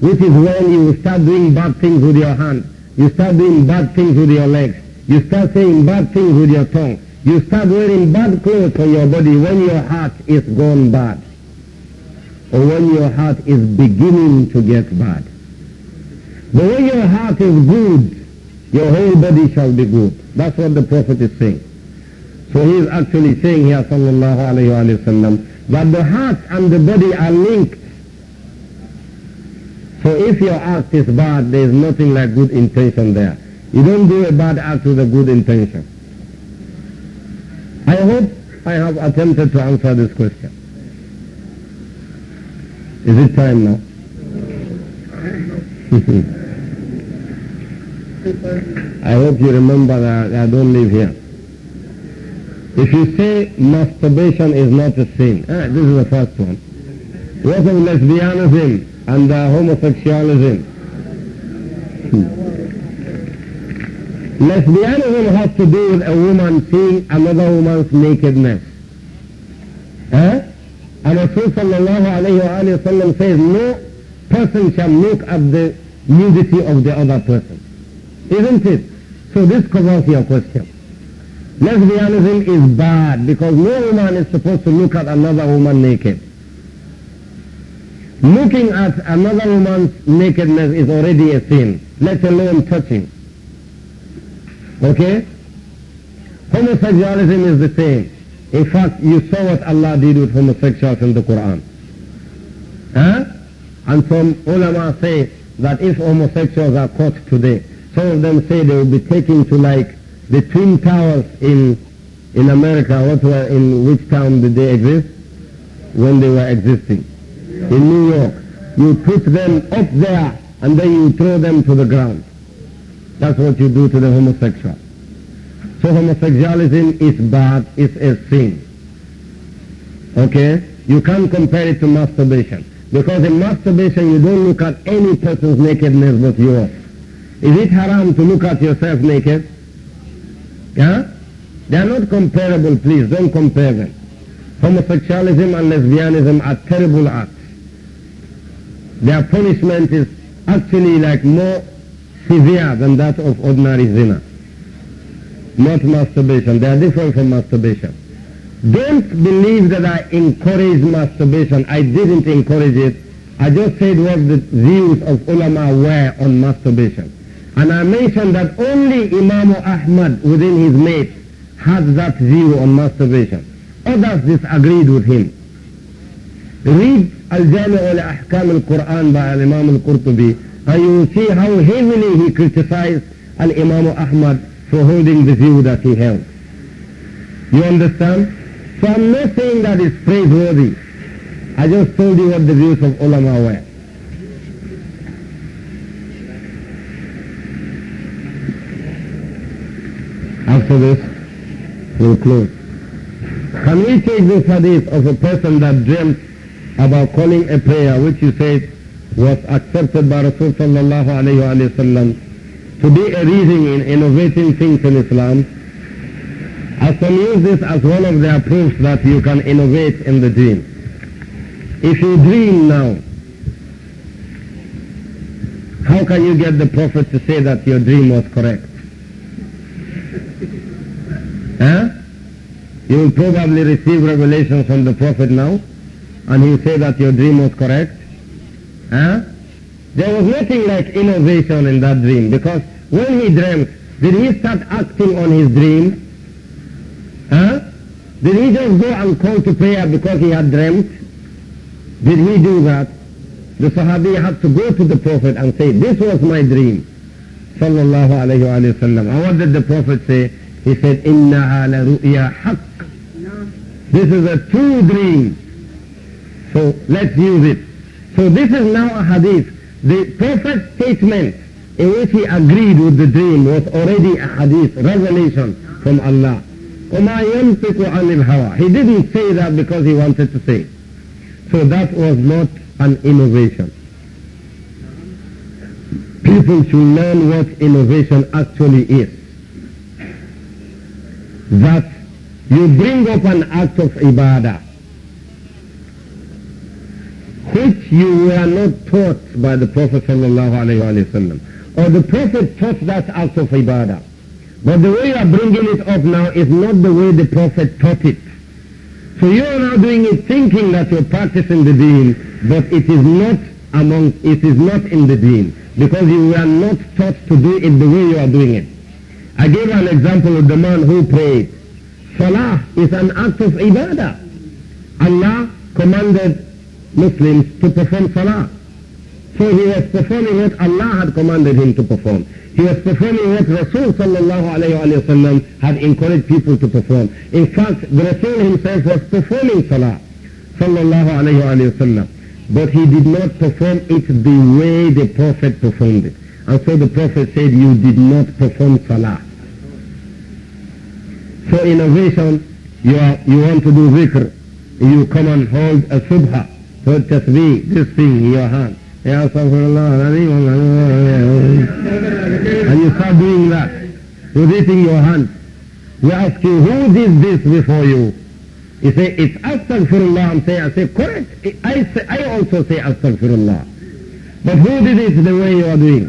which is when you start doing bad things with your hand, you start doing bad things with your legs, you start saying bad things with your tongue, you start wearing bad clothes on your body when your heart is gone bad, or when your heart is beginning to get bad. But when your heart is good, your whole body shall be good. That's what the Prophet is saying. So he is actually saying here, sallallahu alayhi wa sallam, that the heart and the body are linked so if your act is bad, there is nothing like good intention there. You don't do a bad act with a good intention. I hope I have attempted to answer this question. Is it time now? I hope you remember that I don't live here. If you say masturbation is not a sin, ah, this is the first one. What of lesbianism? and their homosexualism. Lesbianism has to do with a woman seeing another woman's nakedness. eh? And Rasul sallallahu alayhi alayhi wa sallam says, no person shall look at the nudity of the other person. Isn't it? So this covers your question. Lesbianism is bad because no woman is supposed to look at another woman naked. Looking at another woman's nakedness is already a sin, let alone touching. Okay? Homosexuality is the same. In fact, you saw what Allah did with homosexuals in the Quran. Huh? And some ulama say that if homosexuals are caught today, some of them say they will be taken to like the Twin Towers in, in America. What were, in which town did they exist? When they were existing in New York. You put them up there and then you throw them to the ground. That's what you do to the homosexual. So homosexuality is bad, it's a sin. Okay? You can't compare it to masturbation. Because in masturbation you don't look at any person's nakedness but yours. Is it haram to look at yourself naked? Yeah? They are not comparable, please, don't compare them. Homosexualism and lesbianism are terrible acts. Their punishment is actually like more severe than that of ordinary zina. Not masturbation. They are different from masturbation. Don't believe that I encourage masturbation. I didn't encourage it. I just said what the views of ulama were on masturbation. And I mentioned that only Imam Ahmad within his mates had that view on masturbation. Others disagreed with him. Read الجامع لأحكام القرآن by الإمام القرطبي and you will see how heavily he criticized Al-Imam Ahmad for holding the view that he held. You understand? So I'm not saying that it's praiseworthy. I just told you what the views of ulama were. After this, we'll close. Can we take this hadith of a person that dreamt about calling a prayer which you said was accepted by Rasul sallallahu alayhi wa sallam to be a reason in innovating things in Islam. As can use this as one of their proofs that you can innovate in the dream. If you dream now, how can you get the Prophet to say that your dream was correct? Huh? You will probably receive revelations from the Prophet now and he said that your dream was correct? Huh? There was nothing like innovation in that dream because when he dreamt, did he start acting on his dream? Huh? Did he just go and call to prayer because he had dreamt? Did he do that? The Sahabi had to go to the Prophet and say, this was my dream. Sallallahu alayhi wa sallam. And what did the Prophet say? He said, إِنَّهَا لَرُؤْيَا حَقٍّ This is a true dream. So let's use it. So this is now a hadith. The Prophet's statement in which he agreed with the dream was already a hadith, revelation from Allah. He didn't say that because he wanted to say. So that was not an innovation. People should learn what innovation actually is. That you bring up an act of ibadah which you were not taught by the Prophet ﷺ, or the Prophet taught that out of ibadah. But the way you are bringing it up now is not the way the Prophet taught it. So you are now doing it thinking that you're practicing the deen, but it is not among, it is not in the deen, because you were not taught to do it the way you are doing it. I gave an example of the man who prayed. Salah is an act of ibadah. Allah commanded Muslims to perform salah. So he was performing what Allah had commanded him to perform. He was performing what Rasul sallallahu had encouraged people to perform. In fact, the Rasul himself was performing salah sallallahu But he did not perform it the way the Prophet performed it. And so the Prophet said, you did not perform salah. So innovation, you, are, you want to do zikr, you come and hold a subha be in your hand يا استغفر الله and you start doing that you're in your hand we ask you who did this before you you say it's astaghfirullah I'm saying I say correct I, say, I also say astaghfirullah but who did it the way you are doing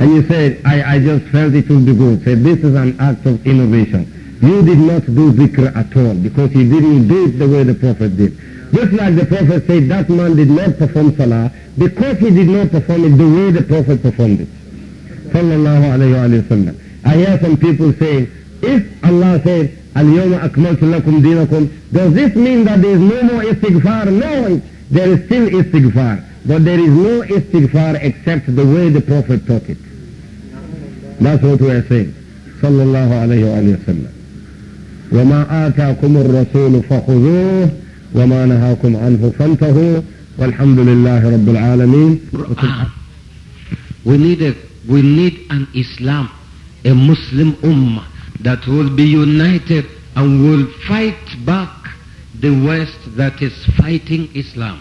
and you say I, I just felt it would be good say this is an act of innovation you did not do zikr at all because you didn't do it the way the Prophet did. Just like the Prophet said that man did not perform salah because he did not perform it the way the Prophet performed it. Sallallahu alayhi wa sallam. I hear some people saying, if Allah said, Al-Yawma akmaltu lakum dinakum, does this mean that there is no more istighfar? No, there is still istighfar. But there is no istighfar except the way the Prophet taught it. That's what we are saying. Sallallahu alayhi wa sallam. وما آتاكم الرسول فخذوه وما نهاكم عنه فانتهوا والحمد لله رب العالمين We need, a, we need an Islam, a Muslim ummah that will be united and will fight back the West that is fighting Islam.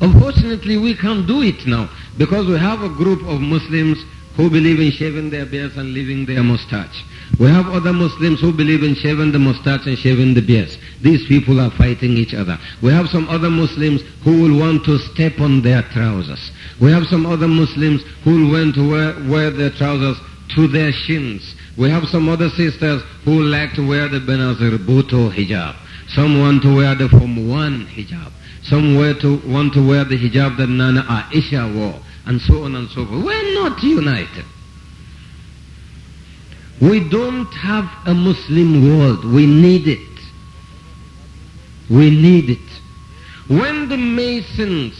Unfortunately, we can't do it now because we have a group of Muslims who believe in shaving their beards and leaving their mustache. We have other Muslims who believe in shaving the mustache and shaving the beards. These people are fighting each other. We have some other Muslims who will want to step on their trousers. We have some other Muslims who will want to wear, wear their trousers to their shins. We have some other sisters who like to wear the Benazir Bhutto hijab. Some want to wear the from one hijab. Some want to wear the hijab that Nana Aisha wore. And so on and so forth. We're not united. We don't have a Muslim world. We need it. We need it. When the Masons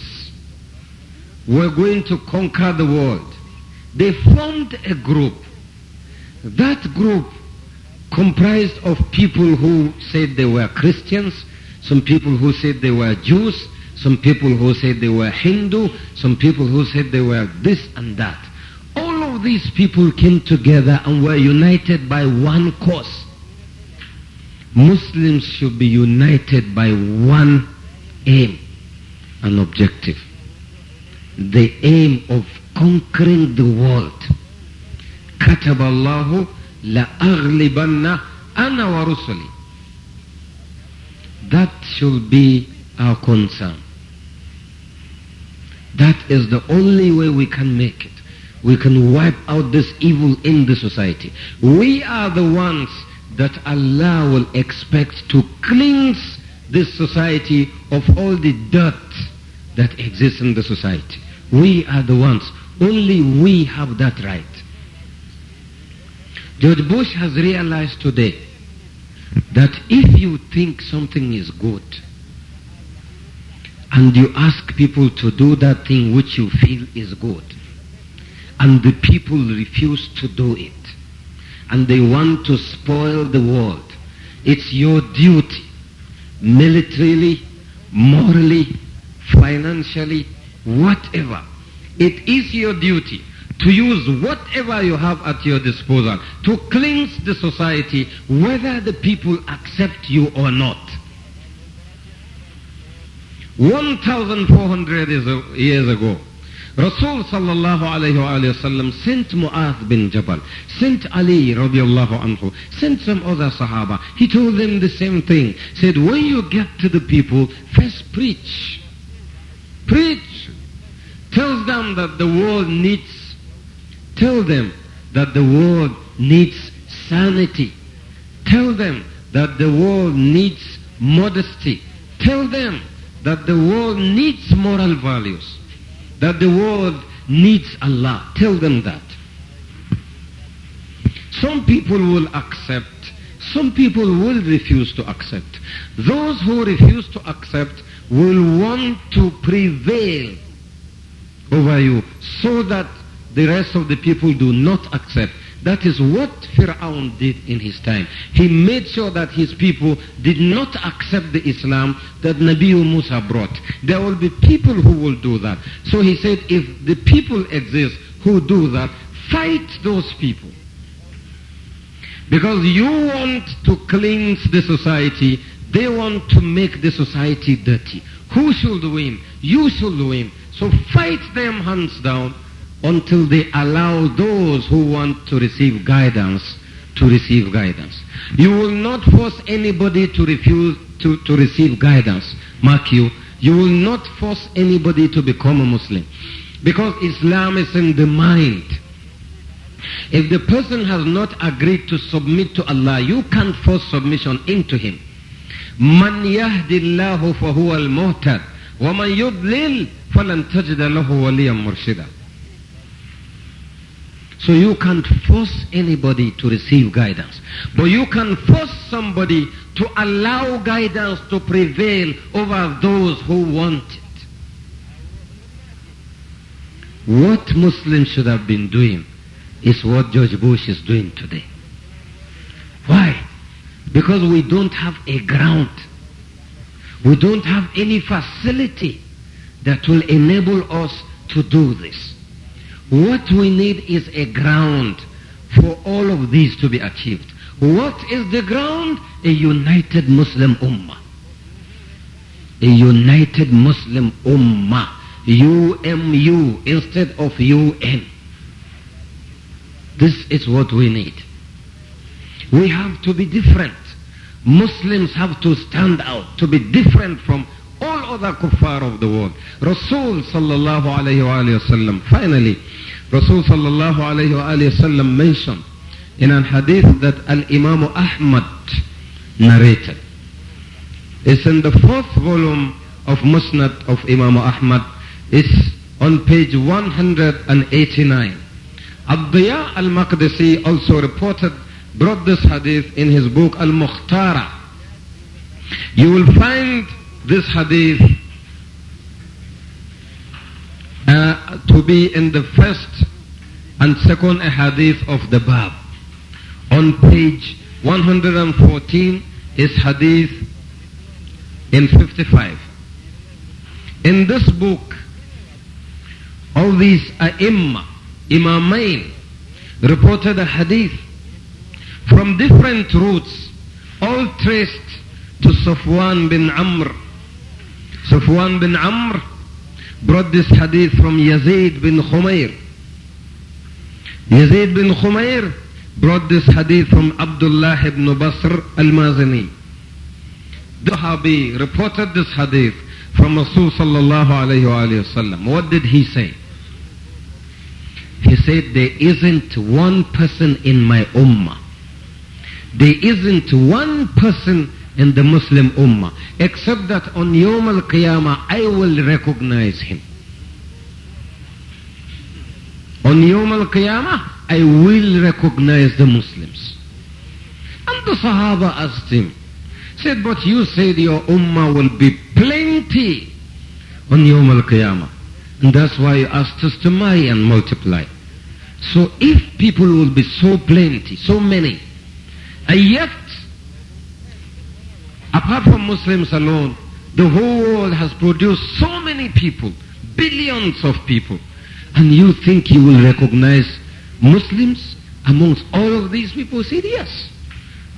were going to conquer the world, they formed a group. That group comprised of people who said they were Christians, some people who said they were Jews, some people who said they were Hindu, some people who said they were this and that these people came together and were united by one cause. Muslims should be united by one aim and objective. The aim of conquering the world. كتب الله لأغلبن أنا ورسلي. That should be our concern. That is the only way we can make it we can wipe out this evil in the society. We are the ones that Allah will expect to cleanse this society of all the dirt that exists in the society. We are the ones. Only we have that right. George Bush has realized today that if you think something is good and you ask people to do that thing which you feel is good, and the people refuse to do it. And they want to spoil the world. It's your duty, militarily, morally, financially, whatever. It is your duty to use whatever you have at your disposal to cleanse the society, whether the people accept you or not. 1,400 years ago, Rasul sallallahu alayhi wasallam sent Mu'adh bin Jabal, sent Ali radiallahu anhu, sent some other Sahaba. He told them the same thing. Said, when you get to the people, first preach. Preach. Tells them that the world needs, tell them that the world needs sanity. Tell them that the world needs modesty. Tell them that the world needs moral values that the world needs Allah. Tell them that. Some people will accept. Some people will refuse to accept. Those who refuse to accept will want to prevail over you so that the rest of the people do not accept. That is what Fir'aun did in his time. He made sure that his people did not accept the Islam that Nabi Musa brought. There will be people who will do that. So he said, if the people exist who do that, fight those people. Because you want to cleanse the society, they want to make the society dirty. Who should win? You should win. So fight them hands down until they allow those who want to receive guidance to receive guidance. You will not force anybody to refuse to, to receive guidance. Mark you, you will not force anybody to become a Muslim. Because Islam is in the mind. If the person has not agreed to submit to Allah, you can't force submission into him. من يهد الله فهو المهتد ومن يضلل فلن تجد له وليا مرشدا so you can't force anybody to receive guidance. But you can force somebody to allow guidance to prevail over those who want it. What Muslims should have been doing is what George Bush is doing today. Why? Because we don't have a ground. We don't have any facility that will enable us to do this. What we need is a ground for all of these to be achieved. What is the ground? A united Muslim ummah. A united Muslim ummah. UMU instead of UN. This is what we need. We have to be different. Muslims have to stand out, to be different from other kuffar of the world. Rasul sallallahu alayhi wa sallam. Finally, Rasul sallallahu alayhi wa sallam mentioned in an hadith that Al-Imam Ahmad narrated. It's in the fourth volume of Musnad of Imam Ahmad. It's on page 189. Abdiya al-Maqdisi also reported, brought this hadith in his book Al-Mukhtara. You will find this hadith uh, to be in the first and second hadith of the Bab. On page 114 is hadith in 55. In this book, all these ai imamain, reported a hadith from different routes, all traced to Safwan bin Amr Sufwan bin Amr brought this hadith from Yazid bin Khumair. Yazid bin Khumair brought this hadith from Abdullah ibn Basr al mazani The reported this hadith from Rasul sallallahu alayhi What did he say? He said, there isn't one person in my ummah. There isn't one person in the Muslim Ummah, except that on Yom Al Qiyamah I will recognize him. On Yom Al Qiyamah I will recognize the Muslims. And the Sahaba asked him, said, but you said your Ummah will be plenty on Yom Al Qiyamah. And that's why you asked us to marry and multiply. So if people will be so plenty, so many, and yet Apart from Muslims alone, the whole world has produced so many people, billions of people. And you think you will recognize Muslims amongst all of these people? Said yes.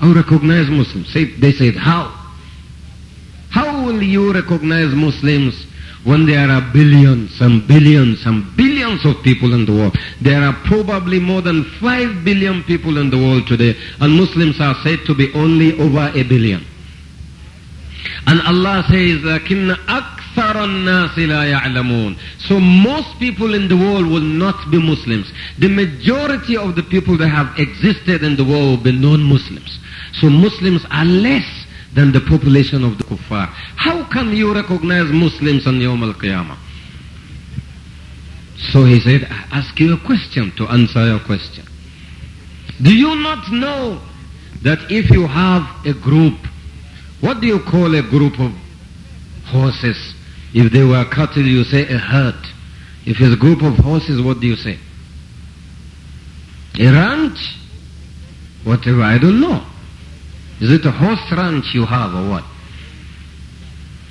I recognize Muslims. They said how? How will you recognize Muslims when there are billions and billions and billions of people in the world? There are probably more than 5 billion people in the world today and Muslims are said to be only over a billion. And Allah says, لَكِنَّ أَكْثَرَ النَّاسِ لَا يَعْلَمُونَ So most people in the world will not be Muslims. The majority of the people that have existed in the world will be non-Muslims. So Muslims are less than the population of the kuffar. How can you recognize Muslims on Yawm al-Qiyamah? So he said, "I ask you a question to answer your question. Do you not know that if you have a group what do you call a group of horses? If they were cattle, you say a herd. If it's a group of horses, what do you say? A ranch? Whatever, I don't know. Is it a horse ranch you have or what?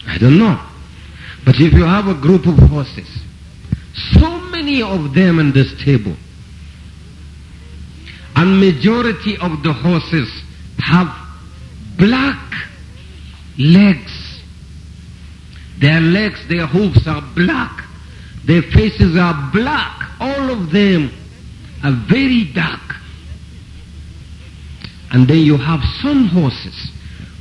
I don't know. But if you have a group of horses, so many of them in this table, and majority of the horses have black legs. Their legs, their hooves are black. Their faces are black. All of them are very dark. And then you have some horses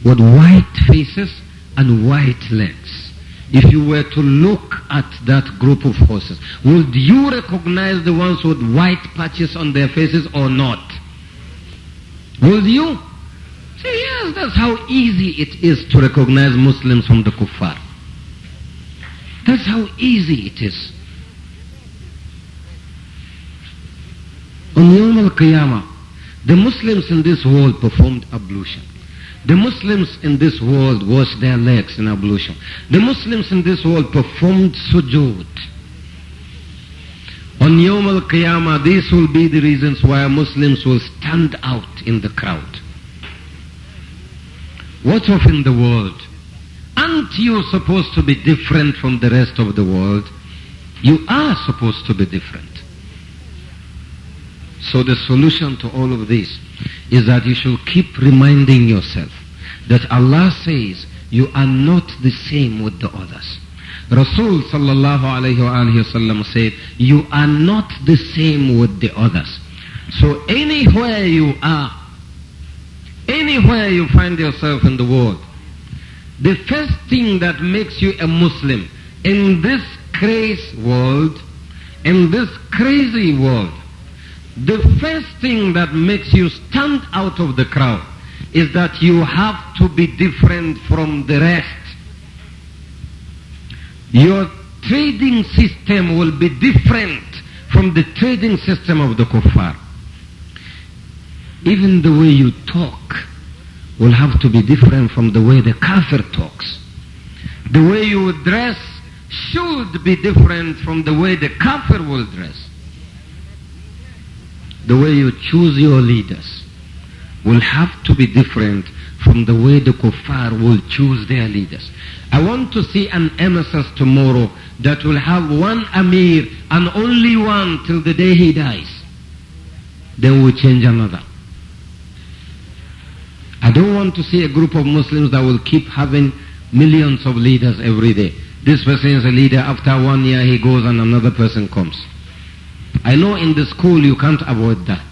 with white faces and white legs. If you were to look at that group of horses, would you recognize the ones with white patches on their faces or not? Would you? So yes, that's how easy it is to recognize Muslims from the kuffar. That's how easy it is. On Yom al-Qiyamah, the Muslims in this world performed ablution. The Muslims in this world washed their legs in ablution. The Muslims in this world performed sujood. On Yom al-Qiyamah, these will be the reasons why Muslims will stand out in the crowd. What's of in the world? Aren't you supposed to be different from the rest of the world? You are supposed to be different. So the solution to all of this is that you should keep reminding yourself that Allah says you are not the same with the others. Rasul sallallahu alayhi wa said, you are not the same with the others. So anywhere you are, Anywhere you find yourself in the world, the first thing that makes you a Muslim in this crazy world, in this crazy world, the first thing that makes you stand out of the crowd is that you have to be different from the rest. Your trading system will be different from the trading system of the kuffar even the way you talk will have to be different from the way the kafir talks. The way you dress should be different from the way the kafir will dress. The way you choose your leaders will have to be different from the way the kuffar will choose their leaders. I want to see an emissus tomorrow that will have one Amir and only one till the day he dies. Then we change another. I don't want to see a group of Muslims that will keep having millions of leaders every day. This person is a leader, after one year he goes and another person comes. I know in the school you can't avoid that.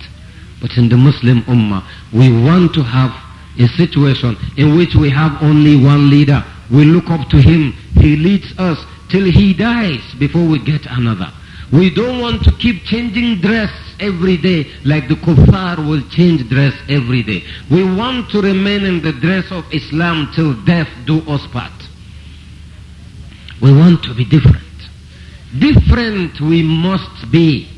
But in the Muslim Ummah, we want to have a situation in which we have only one leader. We look up to him. He leads us till he dies before we get another. We don't want to keep changing dress every day like the kuffar will change dress every day. We want to remain in the dress of Islam till death do us part. We want to be different. Different we must be.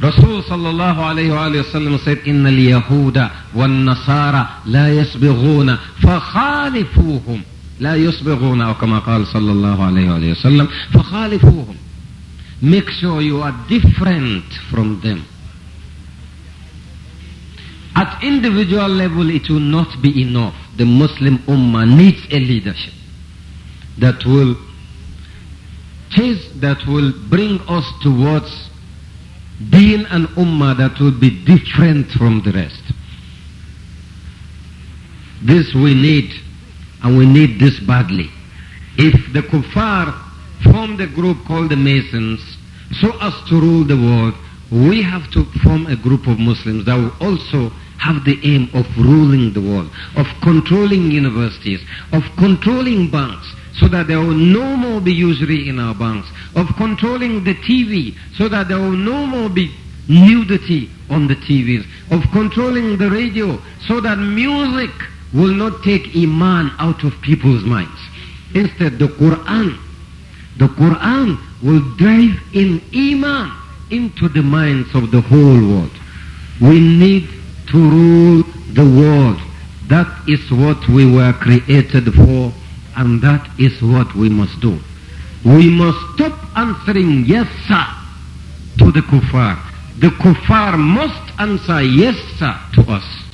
Rasul sallallahu alayhi wa sallam said, إِنَّ الْيَهُودَ وَالنَّصَارَى لَا يَسْبِغُونَ فَخَالِفُوهُم لَا يَسْبِغُونَ أو كما قال صلى الله عليه وآله وسلم فَخَالِفُوهُم Make sure you are different from them. At individual level, it will not be enough. The Muslim Ummah needs a leadership that will chase, that will bring us towards being an Ummah that will be different from the rest. This we need, and we need this badly. If the kuffar formed a group called the Masons so as to rule the world, we have to form a group of Muslims that will also have the aim of ruling the world, of controlling universities, of controlling banks, so that there will no more be usury in our banks, of controlling the TV, so that there will no more be nudity on the TVs, of controlling the radio, so that music will not take Iman out of people's minds. Instead, the Quran the Quran will drive in Iman into the minds of the whole world. We need to rule the world. That is what we were created for and that is what we must do. We must stop answering yes sir to the kuffar. The kuffar must answer yes sir to us.